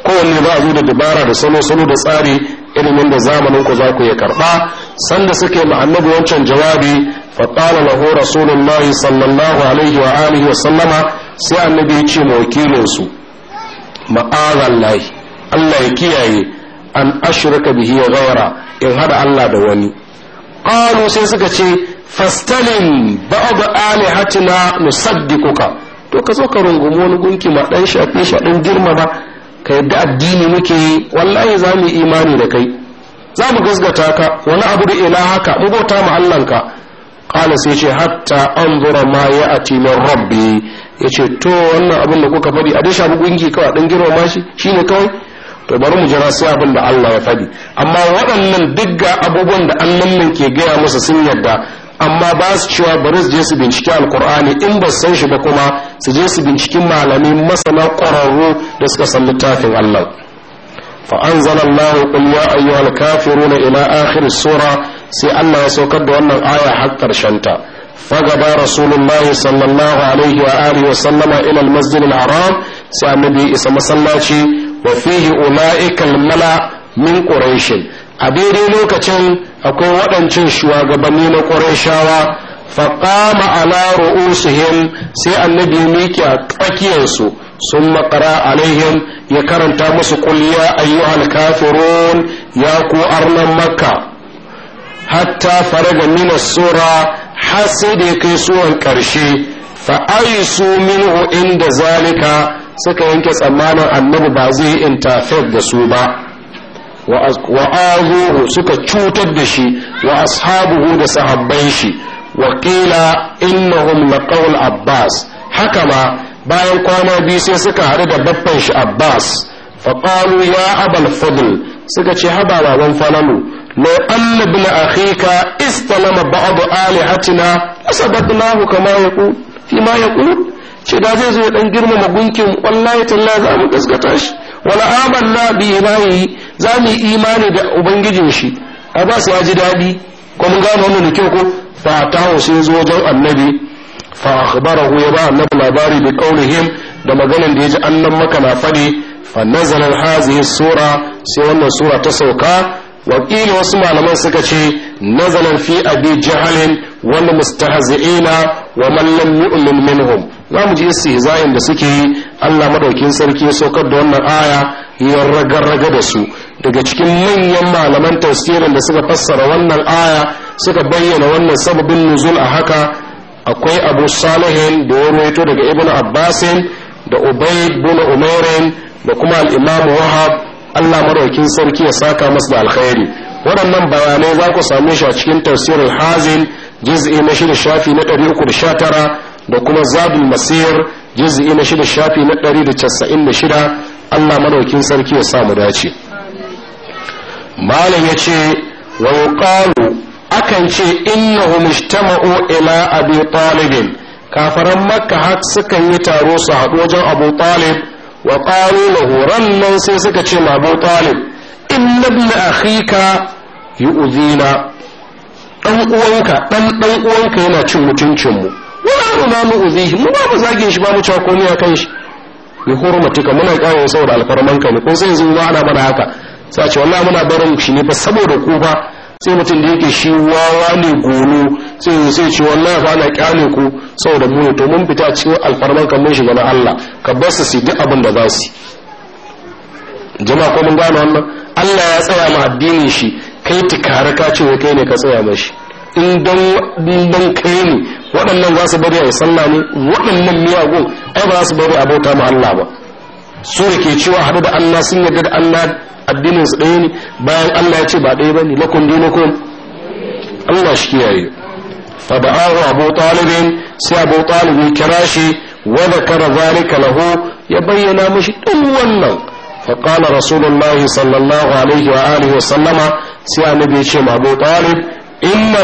S1: kowanne za a zo da dabara da salo salo da tsari ilimin da zamanin ku za ku ya karba sanda suke ma annabi wancan jawabi فقال له رسول الله صلى الله عليه وآله وسلم سي النبي يجي موكيلين سو معاذ الله الله haɗa أن أشرك به غيرا إن هذا الله دواني قالوا سيسكة فاستلم بعض آلهتنا نصدقك to ka zo ka rungumi wani gunki ma ɗan shafe shi dan girma ba ka yadda addini muke yi wallahi za mu imani da kai za mu gasgata ka wani abu da ila haka mu bauta mu Allahnka qala sai ce hatta anzura ma ya'ti min rabbi yace to wannan abin da kuka fadi a dasha bugungi kawai dan girma shi shine kawai to bari mu jira sai abin da Allah ya fadi amma waɗannan digga abubuwan da annan nan ke gaya masa sun yarda amma ba su cewa bari su je su binciki alkur'ani in ba san shi ba kuma su je su binciki malamai masana ƙwararru da suka san littafin Allah fa anzalallahu qul ya ayyuhal kafiruna ila akhir sura sai Allah ya saukar da wannan aya har karshen ta fa gaba rasulullahi sallallahu alaihi wa alihi wa sallama ila al-masjid al-haram sai isa masallaci wa fihi ulaiika al-mala min quraish a dai lokacin akwai wadancin shuwa na quraishawa fa qama ala ru'usihim sai annabi miki a tsakiyar su sun makara alaihim ya karanta musu kulliya ayyuhal kafirun ya ku arnan makkah hatta faraga min sura har sai da ya kai suwan ƙarshe fa aisu minhu inda zalika suka yanke tsammanin annabi ba zai interfere da su ba wa azuhu suka cutar da shi wa ashabuhu da sahabban shi wa qila innahum laqawul abbas haka ma bayan kwana biyu sai suka haɗu da babban shi abbas fa qalu ya abal fadl suka ce haba baban falalu لو أن ابن أخيك استلم بعض آلهتنا لصدقناه كما يقول فيما يقول ce da zai zo ya dan girmama gunkin wallahi talla za mu gaskata shi wala amanna bi ilahi za mu imani da ubangijin shi a ba su ji daɗi ko mun gano wannan da kyau ko fa tawo sai zo wajen annabi fa akhbarahu ya ba annabi labari bi qaulihim da maganan da ya ji maka na fadi fa nazala hadhihi sura sai wannan sura ta sauka wakili wasu malaman suka ce nazalan fi abi jahalin wani mustahazi'ina wa mallan lam minhum za mu ji zayin da suke yi Allah madaukin sarki ya saukar da wannan aya ya ragarraga da su daga cikin manyan malaman tafsirin da suka fassara wannan aya suka bayyana wannan sababin nuzul a haka akwai abu salihin da ya daga ibn abbasin da ubay bin umairin da kuma al-imam wahab Allah maraukin sarki ya saka masu da alkhairi waɗannan bayanai za ku same shi a cikin tafsirin hazin juz'i na shida shafi na ɗari uku da sha tara da kuma zadul masir juz'i na shida shafi na ɗari da casa'in da shida Allah maraukin sarki ya samu dace malam ya ce wa yuqalu akan ce innahu mujtama'u ila abi talibin kafaran makka har sukan yi taro su haɗu wajen abu talib wa qalu horon nan sai suka ce ma Abu Talib inna ibn akhika yu'dina dan uwanka dan dan uwanka yana cin mutuncin mu wala ma mu uzihi mu ba mu zage shi ba mu cewa komai akan shi bi hurmatika muna kawo saboda ka ne ko sai yanzu ba ana mana haka sai ce wallahi muna barin shi ne ba saboda ku ba sai mutum da yake shi wawa ne gono sai ya sai ce wallahi fa ana kyale ku saboda mu to mun fita cikin alfarman kan mun shiga na Allah ka bar su duk abin da za su jama'a ko mun gano wannan Allah ya tsaya ma addinin shi kai tikara ka ce kai ne ka tsaya mashi in dan kai ne waɗannan za su bari a sallah ne waɗannan miyagun ai ba za su bari a bauta ma Allah ba su da ke cewa haɗu da Allah sun yarda da Allah addinin su ɗaya ne bayan Allah ya ce ba ɗaya bane lakum dinukum Allah shi kiyaye fa da'ahu Abu Talib sai Abu Talib ya kira shi wa zakara zalika lahu ya bayyana mishi duk wannan fa qala rasulullahi sallallahu alaihi wa alihi wa sallama sai annabi ya ce ma Abu Talib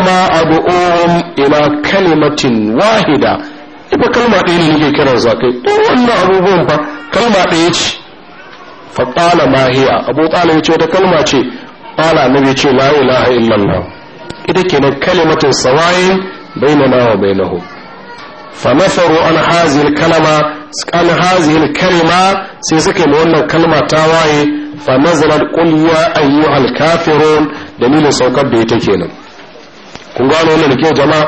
S1: ma ad'uhum ila kalimatin wahida ita kalma ɗaya ne nake kiransa kai duk wannan abubuwan fa kalma ɗaya ce fa mahiya ma hiya abu ƙala ya ce wata kalma ce na bai ce la ilaha illallah ita kenan kalimatu sawayin bainana wa bainahum فنفروا عن هذه الكلمة عن هذه الكلمة سيسكي مولنا كلمة تاواي فنزلت قل يا saukar da ita ke nan kun gano wannan da ke jama'a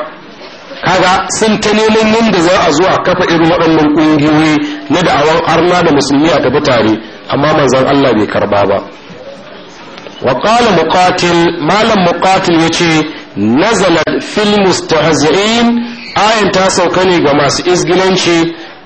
S1: kaga sun ta neman yadda za a zo kafa irin waɗannan ƙungiyoyi na da'awar arna da musulmi a tafi tare amma manzon Allah bai karba ba wa qala muqatil malam muqatil yace nazalat fil mustahzi'in ayan ta sauka ne ga masu izgilanci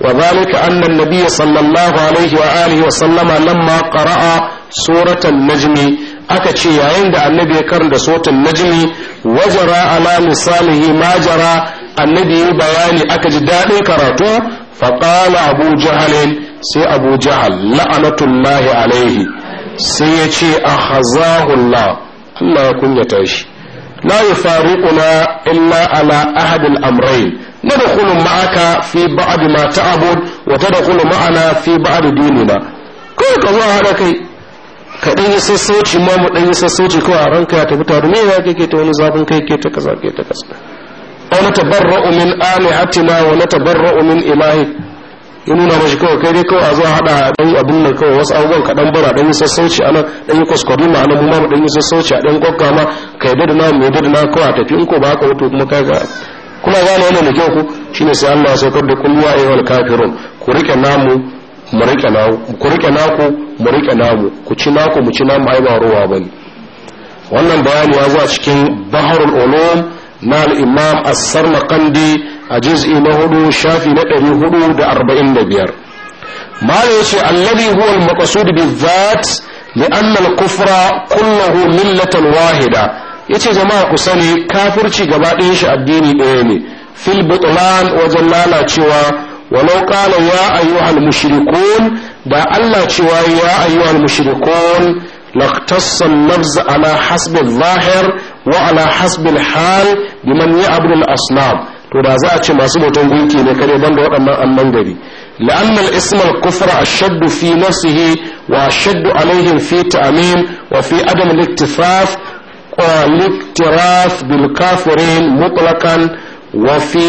S1: wa zalika anna an sallallahu alaihi wa alihi wa sallama lamma qara'a suratan najmi aka ce yayin da annabi ya karanta sotin najmi wajara ala misalihi majara annabi ya bayani aka ji daɗin karatu faƙala abu jahalin sai abu jahal la'anatullahi alaihi sai ya ce a hazahullah Allah ya kunyata shi la yufariquna illa ala ahadil amrayn ندخل معك ta abun wata da وتدخل معنا في بعض ديننا kai ka zuwa haɗa kai ka ɗan yi sassauci ma mu ɗan yi sassauci ko a ranka ya tafi tare me ya kake ta wani zafin kai ke ta kasa ke ta kaza aw natabarra'u min alihatina wa natabarra'u min ilahi ya nuna mashi kawai kai dai kawai a zuwa haɗa ɗan abin nan kawai wasu abubuwan ka ɗan bara ɗan yi sassauci a nan ɗan yi kwaskwari ma ana nan mu ɗan yi sassauci a ɗan kwakwa ma ka yadda da na mai da na kawai a tafi in ko ba haka wato kuma kai ga kuma gane wannan da kyau ku shine sai Allah ya saukar da kullu ayyuhal kafirun ku rike namu mu rike namu ku rike naku mu rike namu ku ci naku mu ci namu ai ba ruwa bane wannan bayani ya zo cikin baharul ulum na al-imam as-sarmaqandi a juz'i na hudu shafi na ɗari hudu da arba'in da biyar mala yace alladhi huwa al-maqsud bi-dhat li'anna al-kufra kulluhu millatan wahida yace jama'a ku sani kafirci gaba ɗayan shi addini ɗaya ne fil butlan wajen lalacewa ولو قال يا أيها المشركون دا الله شوى يا أيها المشركون لاقتص اللفظ على حسب الظاهر وعلى حسب الحال بمن يعبد to da za a ce masu hoton gunki ne kare banda waɗannan annan gari la'annal ismar kufra ashaddu fi nafsihi wa ashaddu alaihim fi ta'min wa fi adam liktifaf wa liktiraf bil kafirin mutlakan wa fi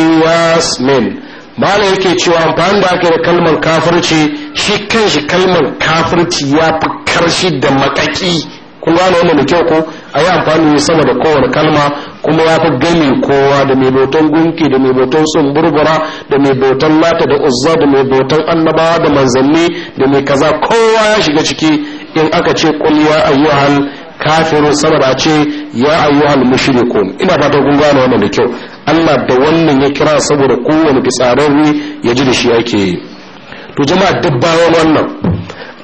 S1: iyas min malai yake cewa amfani da ake da kalmar kafirci shi kanshi kalmar kafirci ya fi karshi da makaki kun gane wannan da kyau ko a yi amfani sama da kowane kalma kuma ya fi gami kowa da mai bautan gunki da mai bautan tsumburbura da mai bautan lata da uzza da mai bautan annabawa da manzanni da mai kaza kowa ya shiga ciki in aka ce kul ya ayyuhal kafirun sama da ce ya ayyuhal mushrikun ina fata kun gane wannan da kyau Allah da wannan ya kira saboda kowane fitsararri ya ji da shi ake yi to jama'a dabbawan wannan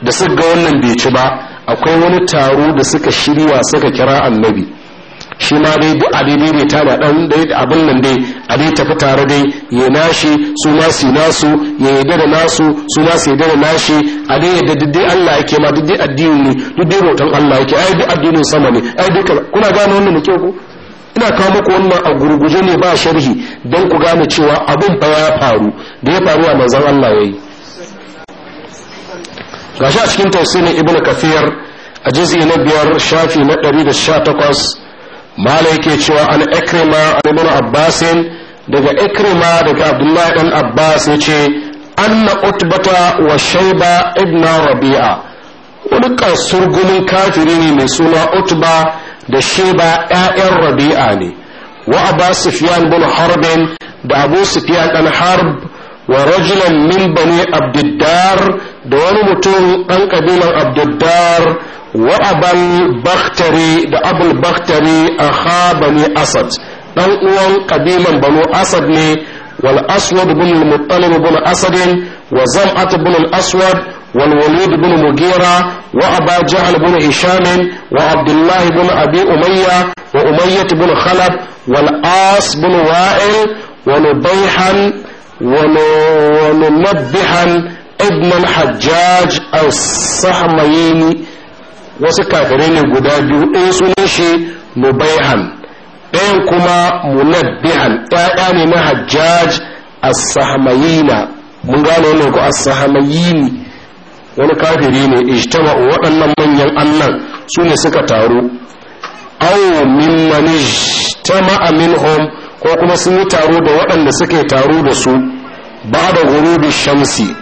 S1: da suka ga wannan bai ci ba akwai wani taro da suka shirya suka kira annabi shi ma dai duk adidai ne ta da dan dai abin nan dai a dai tafi tare dai ya nashi su ma su nasu ya yadda da nasu su ma su yadda da nashi a dai yadda duk dai Allah yake ma duk dai addini ne duk dai rotan Allah yake ai duk addinin sama ne ai duk kuna gane wannan muke ko ina kawo muku wannan a gurguje ne ba sharhi don ku gane cewa abin fa ya faru da ya faru a manzon Allah yayi gashi a cikin tafsirin ibn kafir a jizi na biyar shafi na ɗari da sha takwas mala yake cewa an ikrima an ibn abbas daga ikrima daga abdullahi dan abbas ya ce an na utbata wa shaiba ibn rabi'a wani gumin kafiri ne mai suna utba da sheba ya'yan rabi'a ne wa abbas sufyan bin harbin da abu sufyan dan harb wa rajulan min bani abdiddar da wani mutum ɗan ƙabilar abdullar wa abal baktari da abul baktari a ha bani asad ɗan uwan ƙabilar banu asad ne wal aswad bin muttalib bin asadin wa zam'at bin al aswad wal walid bin mugira wa aba ja'al bin hisham wa abdullah bin abi umayya wa umayyah bin khalad wal as bin wa'il wa nubayhan wa nubihan ibn al-hajjaj as-sahmayni wasu kafirai ne guda biyu ɗaya sunan shi mubaihan ɗayan kuma munabbihan ɗaya ne na hajjaj as-sahmayina mun gane wannan ko as-sahmayini wani kafiri ne ijtama waɗannan manyan annan su ne suka taru aw min manijtama minhum ko kuma sun yi taro da waɗanda suke taro da su ba da gurubi shamsi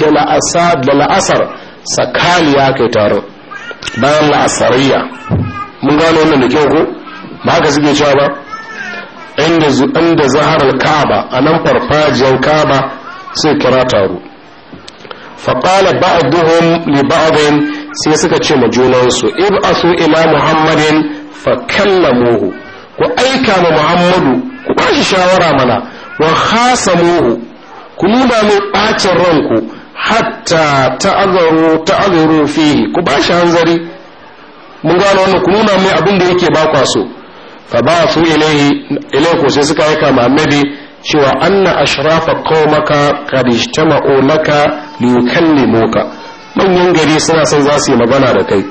S1: da la'asar ya kai taro. bayan la'asariya mun gano wannan da kyau ko ba ka suke cewa ba inda inda zaharar ka'aba a nan farfajiyar ka'aba sai kira taro faƙala ba'aduhum li ba'adin sai suka ce ma junansu ib'asu ila muhammadin fa kallamuhu ku aika ma muhammadu ku ba shi shawara mana wa khasamuhu ku nuna mai ɓacin ranku hatta ta'azaru ta'azaru fihi ku ba shi hanzari mun gano wannan ku nuna mai abin da yake ba kwa so fa ba su ilaihi ilaihi sai suka aika ma mabi cewa anna ashrafa qaumaka qad ijtama'u laka yukallimuka manyan gari suna son za su yi magana da kai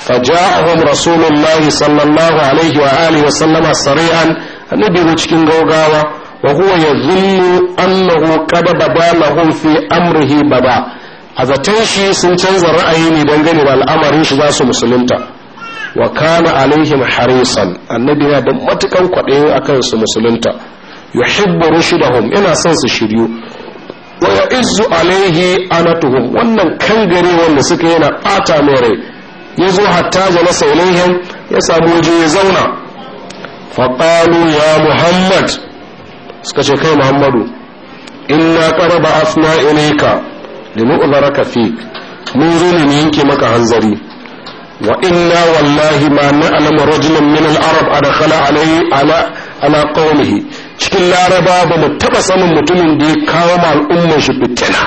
S1: فجاءهم رسول الله صلى الله عليه وآله وسلم سريعا النبي cikin gaugawa wa huwa yazunnu annahu qad bada lahum fi amrihi bada a zaton shi sun canza ra'ayi ne dangane da al'amarin shi za su musulunta wa kana alaihim harisan annabi yana da matukan kwaɗayi akan su musulunta yuhibbu rushdahum ina son su shiryu wa ya'izzu alaihi anatuhum wannan gare wanda suka yana fata mai rai yazo hatta jalasa ilaihim ya samu waje ya zauna fa qalu ya muhammad suka ce kai muhammadu inna qaraba asna ilayka linu'dharaka fik mun zo ne yanke maka hanzari wa inna wallahi ma na'lamu rajulan min al-arab adkhala alayhi ala ala qawmihi cikin laraba ba mu taba sanin mutumin da ya kawo ma al'ummar shi fitina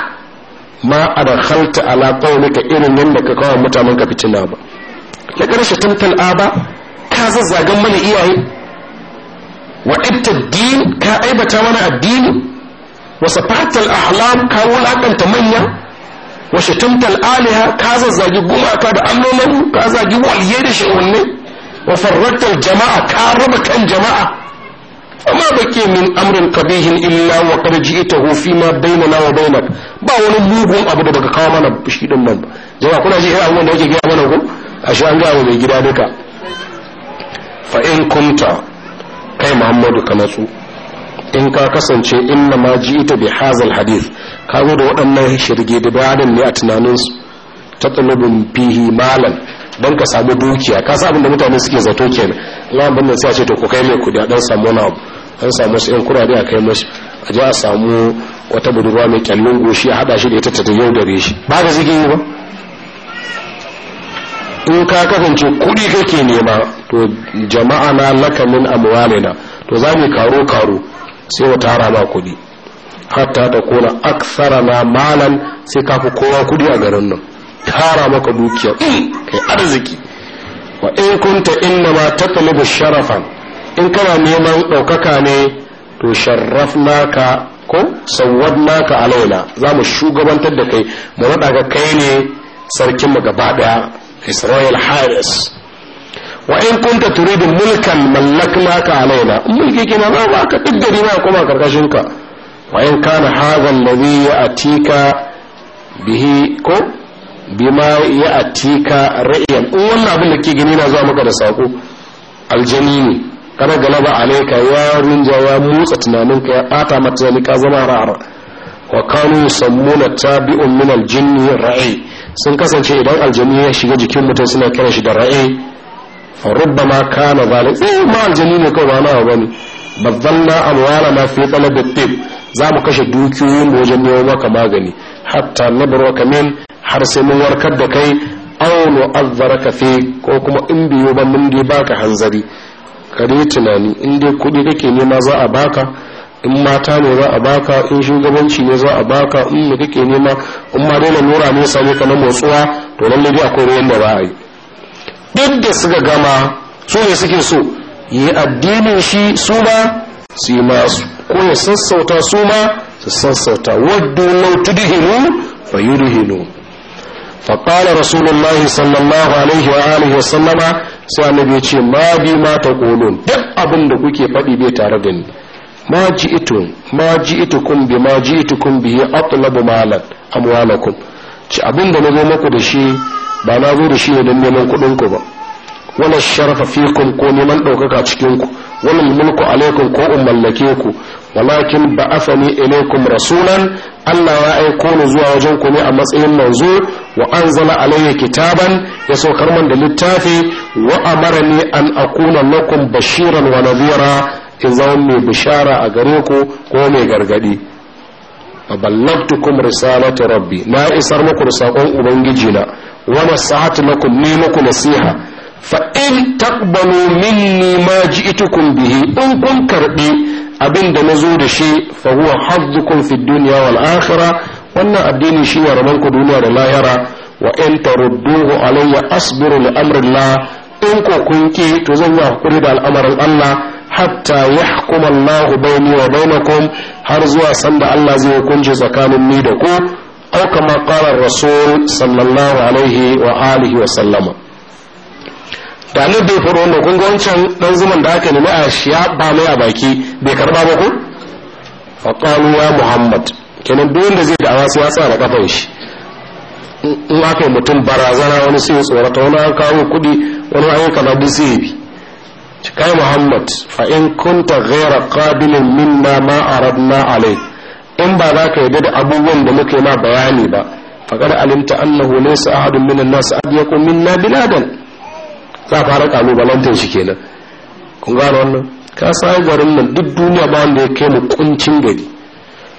S1: ma adkhalta ala qawmika irin yanda ka kawo mutanen ka fitina ba da karshe tantal aba ka zazzagan mana iyaye wa din ka aibata mana addini wa safatal ahlam ka wulakanta manya wa shatamtal aliha ka zazzagi gumaka da allolin ka zagi waliyai da shehunne wa farratal jama'a ka raba kan jama'a amma bake min amrin kabihin illa wa qad ji'tahu fi ma daina na wa bainak ba wani mugun abu da baka kawo mana shi din nan jama'a kuna ji irin abin da yake gaya mana ku a shi an ga mai gida duka fa in kunta kai muhammadu ka natsu in ka kasance inna ma ji ita bi hazal hadith ka zo da waɗannan shirge da bayanin ne a tunaninsu ta tsalubin fihi malam don ka samu dukiya ka sa abinda mutane suke zato kenan na abin da sai a ce to ku kai mai kudi a dan samu na abu an samu su yan kurare a kai masu a je a samu wata budurwa mai kyallin goshi a hada shi da ita ta yau dare shi ba da zigi ba in ka kasance kuɗi kake nema to jama'a na laka min amwalina to za mu karo karo sai wa tara ma kuɗi hatta ta kona aksara na malan sai ka fi kowa kuɗi a garin nan tara maka dukiya mm, kai arziki wa in kunta inna ma tatlubu sharafan in kana neman ɗaukaka ne to sharafna ka ko sawadna ka alaina za mu shugabantar da kai mu naɗa ka kai ne sarkinmu gaba ɗaya isra'il haris wa in kunta turidu mulkan mallaknaka alaina mulki kina ba ba ka diddari kuma karkashin ka wa in kana hadha alladhi bihi ko bima ya'tika ra'yan in wannan abin da ke gani na zuwa maka da sako aljani kada kana galaba alaika ya rinja ya motsa tunaninka ya bata mata zama ka zama ra'ar wa kanu yusammuna tabi'un min aljinni ra'i sun kasance idan aljanu ya shiga jikin mutum suna kira shi da ra'ayi rubba ma kana eh ma aljanu ne kawai ba na ba ne an amwala ma fi tsala da tib za mu kashe dukiyoyin mu wajen nemo maka magani hatta na nabru kamin har sai mun warkar da kai azzara ka fi ko kuma in biyo ba mun dai baka hanzari kare tunani in dai kudi kake nema za a baka in mata ne za a baka in shugabanci ne za a baka in mu kake nema in ma dole nura ne same ka na motsuwa to lalle dai akwai ruwan da ba a yi duk da suka gama su ne suke so yi addinin shi su ba su yi masu ko ya sassauta su ma su sassauta waddu lau tudhinu fa yudhinu فقال رسول الله صلى الله عليه وآله وسلم sai annabi ya ce ma bi ma ta duk abin da kuke faɗi bai tare da ni ma ji'itun ma ji'itukum bi ma ji'itukum bihi atlabu malan amwalakum ci abin da nazo muku da shi ba na zo da shi ne don neman kuɗin ku ba wala sharafa fikum ko neman ɗaukaka cikin ku wala mulku alaikum ko in mallake ku walakin ba'athani ilaikum rasulan Allah ya aiko ni zuwa wajen ku ne a matsayin manzo wa anzala alayya kitaban ya saukar man da littafi wa amarani an akuna lakum bashiran wa nadhira ki zama mai bishara a gare ku ko mai gargadi fa ballagtukum risalatu rabbi na isar muku sakon ubangiji na wa nasahatu lakum ni muku nasiha fa in taqbalu minni ma ji'tukum bihi in kun karbi abinda da nazo da shi fa huwa hazzukum fi dunya wal akhirah wannan addini shi ne ku duniya da lahira wa in tarudduhu alayya asbiru li amrillah in ko kun ki to zan yi hakuri da al'amarin Allah hatta yahkum Allah baini wa bainakum har zuwa sanda Allah zai hukunci tsakanin ni da ku aw kama qala rasul sallallahu alaihi wa alihi wa sallama da ne bai faɗo wanda kun ga wancan dan zuman da aka nemi a shiya ba mai a baki bai karba ba ku fa qalu ya muhammad kenan duk wanda zai da'awa sai ya sa da kafan shi in aka yi mutum barazana wani sai ya tsorata wani an kawo kuɗi wani an yi duk sai ya bi kai muhammad fa in kunta ghaira qabilin minna ma aradna alai in ba za ka yarda da abubuwan da muke ma bayani ba faqad alimta annahu laysa ahadun minan nas yakun minna biladan za fara kalubalantar shi kenan kun gano wannan ka sai garin nan duk duniya ba wanda yake mu kuncin gari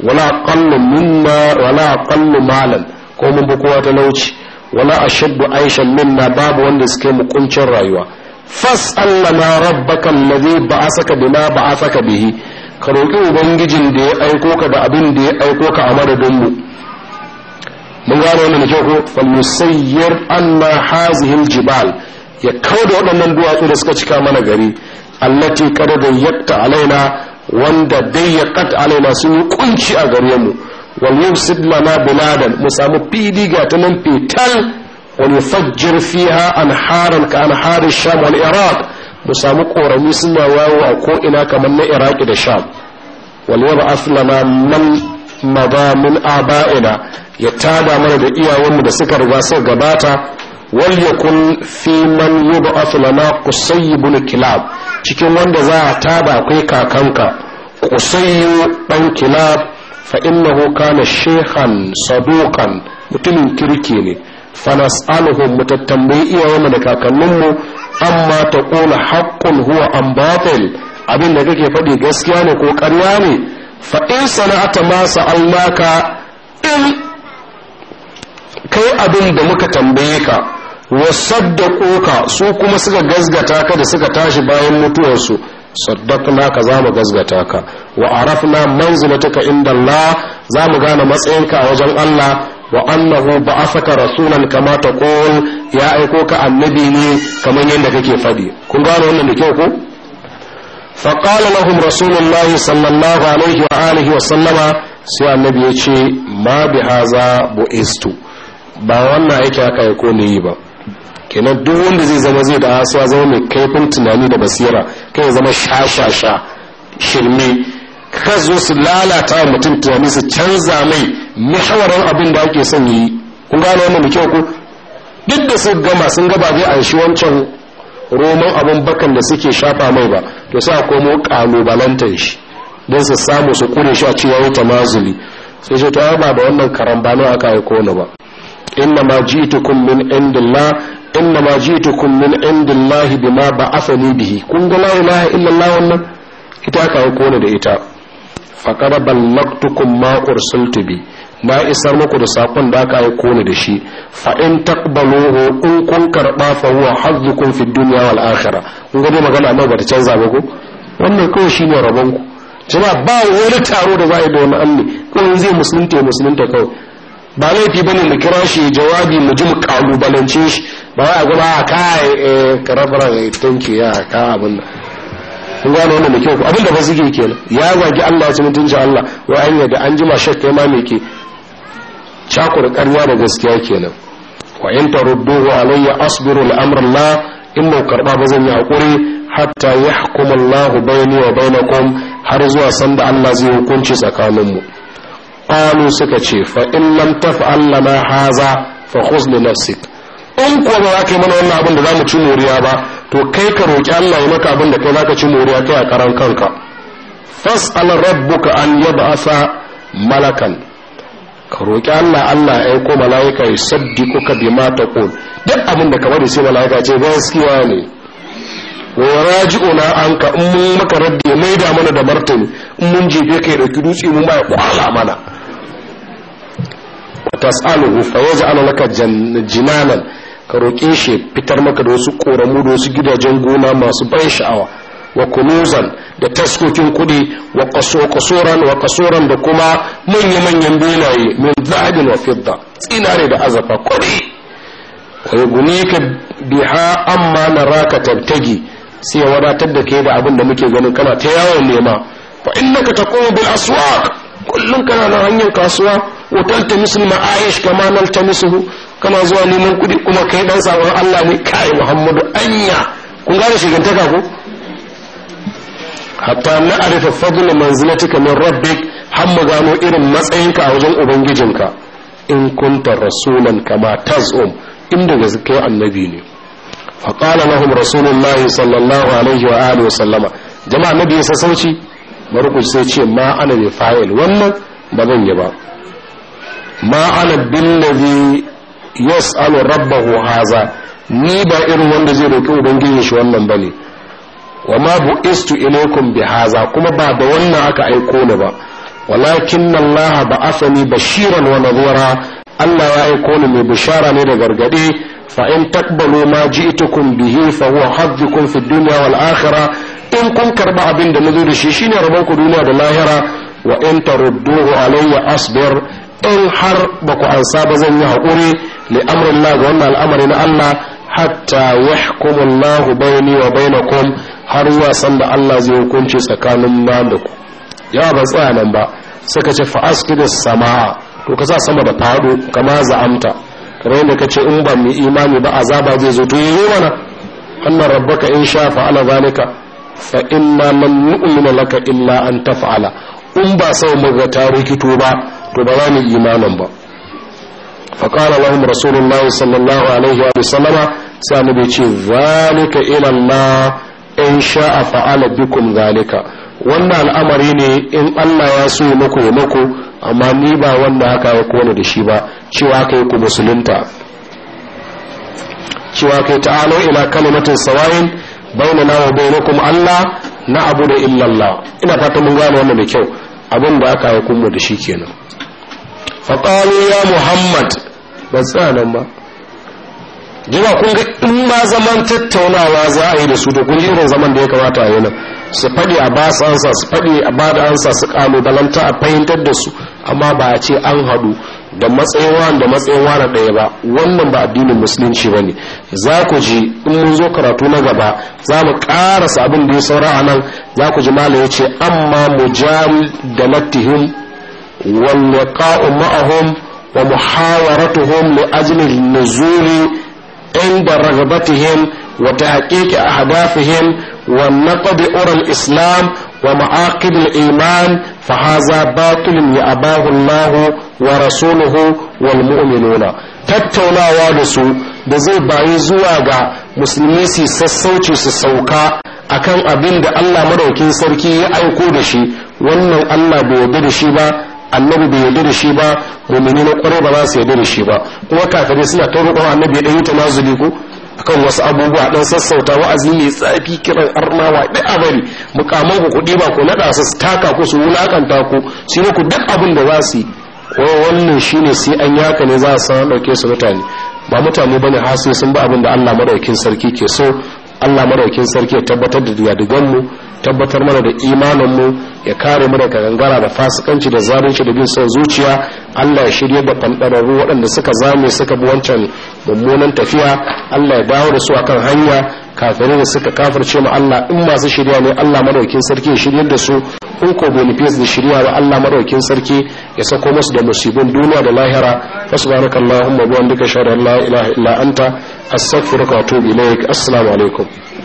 S1: wala qallu minna wala qallu malan ko mun bi kowa talauci wala ashaddu aishan minna babu wanda suke mu kuncin rayuwa rabbakan ma rabbaka alladhi ba'asaka bima saka bihi ka roki ubangijin da ya aiko ka da abin da ya aiko ka a madadin mu mun gano wannan da kyau ko fal musayyir anna hazihi aljibal ya kauda waɗannan duwatsu da suka cika mana gari allati qadada dayyaqta alaina wanda dai dayyaqat alaina sun yi kunci a gare mu wal yusid lana biladan mu samu fili ga ta nan fetal ونفجر فيها أنحارا كأنحار الشام والعراق مسامو قرمي سنة واو أكو إنا كمن إراك دا شام وليبعث لنا من مضى من آبائنا يتابع من دا إيا وم دا سكر غاسر غباتا وليكن في من يبعث لنا قصي بن كلاب cikin wanda za a taba akwai kakanka kusayyu ɗan kilab fa innahu kana shehan sadukan mutumin kirki ne fanas'aluhum mu tattambayi mu da kakanninmu amma ta ƙona haƙƙun huwa an batil abin da kake faɗi gaskiya ne ko ƙarya ne fa in sana'ata ma sa'alnaka in kai abin da muka tambaye ka wa su kuma suka gazgata ka da suka tashi bayan mutuwarsu saddaqna ka za mu gazgata ka wa arafna manzilataka inda Allah za mu gane matsayinka a wajen Allah wa annahu ba'asaka rasulan kama taqul ya aiko ka annabi ne kaman yadda kake fadi kun gano wannan da kyau ko فقال لهم رسول الله صلى wa عليه وآله وسلم sai annabi ya ce ma bi haza bu'istu ba wannan aiki haka aiko ko ne yi ba kenan duk wanda zai zama zai da asuwa zama mai kaifin tunani da basira kai zama shashasha shirme kar zo su lalata wa mutum tunani su canza mai mihawarin abin da ake son yi kun gane wannan da kyau ko duk da su gama sun gaba zai a shi wancan roman abin bakan da suke shafa mai ba to sa komo kalubalantar shi don su samu su kure shi a cewa wuta mazuli sai shi ta ba da wannan karambano aka aiko ni ba inna ma jitukum min indillah inna ma jitukum min indillah bima ba'athani bihi kun ga la ilaha illallah wannan ita aka aiko ni da ita faqad ballagtukum ma ursiltu bi na isar muku da sakon da aka aiko ni da shi fa in in kun karɓa fa huwa hazzukum fi dunya wal akhirah kun ga magana mai ba ta canza ba ko wannan kawai shine rabon ku jama ba wani taro da za yi da wani amni kawai zai musulunta musulunta kawai ba laifi bane mu kira shi jawabi mu ji mu kalubalance shi ba za a gaba a ah, kai eh, karabara karabara tanki ya ka abin nan kun gane wannan da kyau abin da ba kenan ya zagi Allah ya ci Allah wai an yadda an jima shek kai ma me ke cakura ƙarya da gaskiya kenan wa in tarudduhu alayya asbiru al-amr Allah in ban karba ba zan yi hakuri hatta yahkum Allah bayni wa bainakum har zuwa sanda Allah zai hukunci tsakaninmu qalu suka ce fa in lam taf'al lana haza fa khuz li nafsika in kuwa ba za ka yi mana wannan abin da za mu ci moriya ba to kai ka roƙi Allah ya maka abin da kai za ka ci moriya kai a karan kanka fas'al rabbuka an yab'asa malakan ka roƙi Allah Allah ya aiko mala'ika ya ka bima taqul duk abin da ka bari sai mala'ika ce gaskiya ne wa raji'una anka in mun maka raddi mai da mana da martani in mun jefe kai da dutse mun ba ya kwala mana tas'aluhu fa yaj'alu laka jinanan ka roƙe shi fitar maka da wasu ƙoramu da wasu gidajen gona masu ban sha'awa wa kunuzan da taskokin kuɗi wa kasoran wa kasoran da kuma manya-manyan benaye min zahabin wa fidda tsinare da azafa kuɗi wa yi ka biha amma na raka tabtagi sai ya wadatar da ke da abin da muke ganin kana ta yawon nema fa ta taqumu bil aswaq kullum kana na hanyar kasuwa wa taltamisul ma'ayish ta naltamisuhu kama zowani nankuɗi uma keyɗan sago allah ni kai mouhammadou aña ko ngaari sigente ka ko hatta na arifa fadle mansilatika min rabbik hamma gano irin matsayinka a wajen ubangijinka in kunta rasulan kama tazum inda gaskiya annabi ne faqala lahum rasulullahi salllahu alayhi wa alihi wasallama jama'a nabi ya sassauci marukuci sai ce ma ana bi fa'il wannan ba zan yi ba ma ana billazi yas'alu rabbahu haza ni ba irin wanda zai roki ubangijin shi wannan bane wa ma bu'istu ilaykum bi haza kuma ba da wannan aka aiko ni ba walakin Allah ba'athani bashiran wa nadhira Allah ya aiko ni mai bishara ne da gargade fa in taqbalu ma ji'tukum bihi fa huwa haddukum fi dunya wal akhirah in kun karba abin da nazo da shi shine rabon ku duniya da lahira wa in tarudduhu alayya asbir in har ba ku ansa ba zan yi haƙuri li amrin la ga wannan al'amari na Allah hatta yahkumullahu bayni wa bainakum har zuwa san da Allah zai hukunci tsakanin ba da ku ya ba tsaya nan ba suka ce fa askidus samaa to ka sa sama da fado kama za'amta kamar yadda kace in ba mu imani ba azaba zai zo to yi mana annar rabbaka in sha fa'ala zalika fa inna man nu'minu laka illa an taf'ala in ba sai mu ga rikito ba to ba za mu imanin ba faƙara lahum rasulullahi sallallahu alaihi wa sallama sai annabi ce zalika ila Allah in sha'a fa'ala bikum zalika wannan al'amari ne in Allah ya so muku ya muku amma ni ba wanda haka ya kone da shi ba cewa kai ku musulunta cewa kai ta'alo ila kalimatin bayna na wa bainakum Allah na abu da illallah ina fata mun gane wannan da kyau abin da aka yi mu da shi kenan faƙalo ya muhammad ba nan ba jima kun ga in ma zaman tattaunawa za a yi da su da kun zaman da ya kamata a yi nan su faɗi a ba su ansa su faɗi a ba da ansa su ƙalubalanta a fahimtar da su amma ba a ce an haɗu da matsayin da matsayin wani ɗaya ba wannan ba addinin musulunci ba ne za ku ji in mun zo karatu na gaba za mu ƙarasa abin da ya saura a nan za ku ji malam ya ce amma mujal da lattihim واللقاء معهم ومحاورتهم لأجل النزول عند رغبتهم وتحقيق أهدافهم والنقد أرى الإسلام ومعاقب الإيمان فهذا باطل يأباه الله ورسوله والمؤمنون tattaunawa da su da zai bayi zuwa ga musulmi su sassauci su sauka akan abin da Allah madaukin sarki ya aiko da shi wannan Allah bai yarda da shi ba annabi bai yarda da shi ba mumini na kwarai ba za su yarda da shi ba kuma kafirai suna ta roƙon annabi ya dan yi tanazuli ko akan wasu abubuwa dan sassauta wa'azi mai tsafi kiran arnawa duk a bari mukamman ku kuɗi ba ku naɗa su taka ku su wulakanta ku shi ne ku duk abin da za su yi wannan shine sai an yaka ne za a san ɗauke su mutane ba mutane bane sai sun ba abin da Allah madaukin sarki ke so Allah madaukin sarki ya tabbatar da digadigan mu tabbatar mana da imaninmu ya kare mu daga gangara da fasikanci da zalunci da bin son zuciya Allah ya shirye da fanɗararru waɗanda suka zame suka bi wancan mummunan tafiya Allah ya dawo da su akan hanya kafirai da suka kafirce mu Allah in masu shirya ne Allah madaukin sarki ya shirye da su in ko benefits da shirya ba Allah madaukin sarki ya sako musu da musibin duniya da lahira fa subhanakallahumma wa bihamdika shada la ilaha illa anta astaghfiruka wa atubu ilaik assalamu alaikum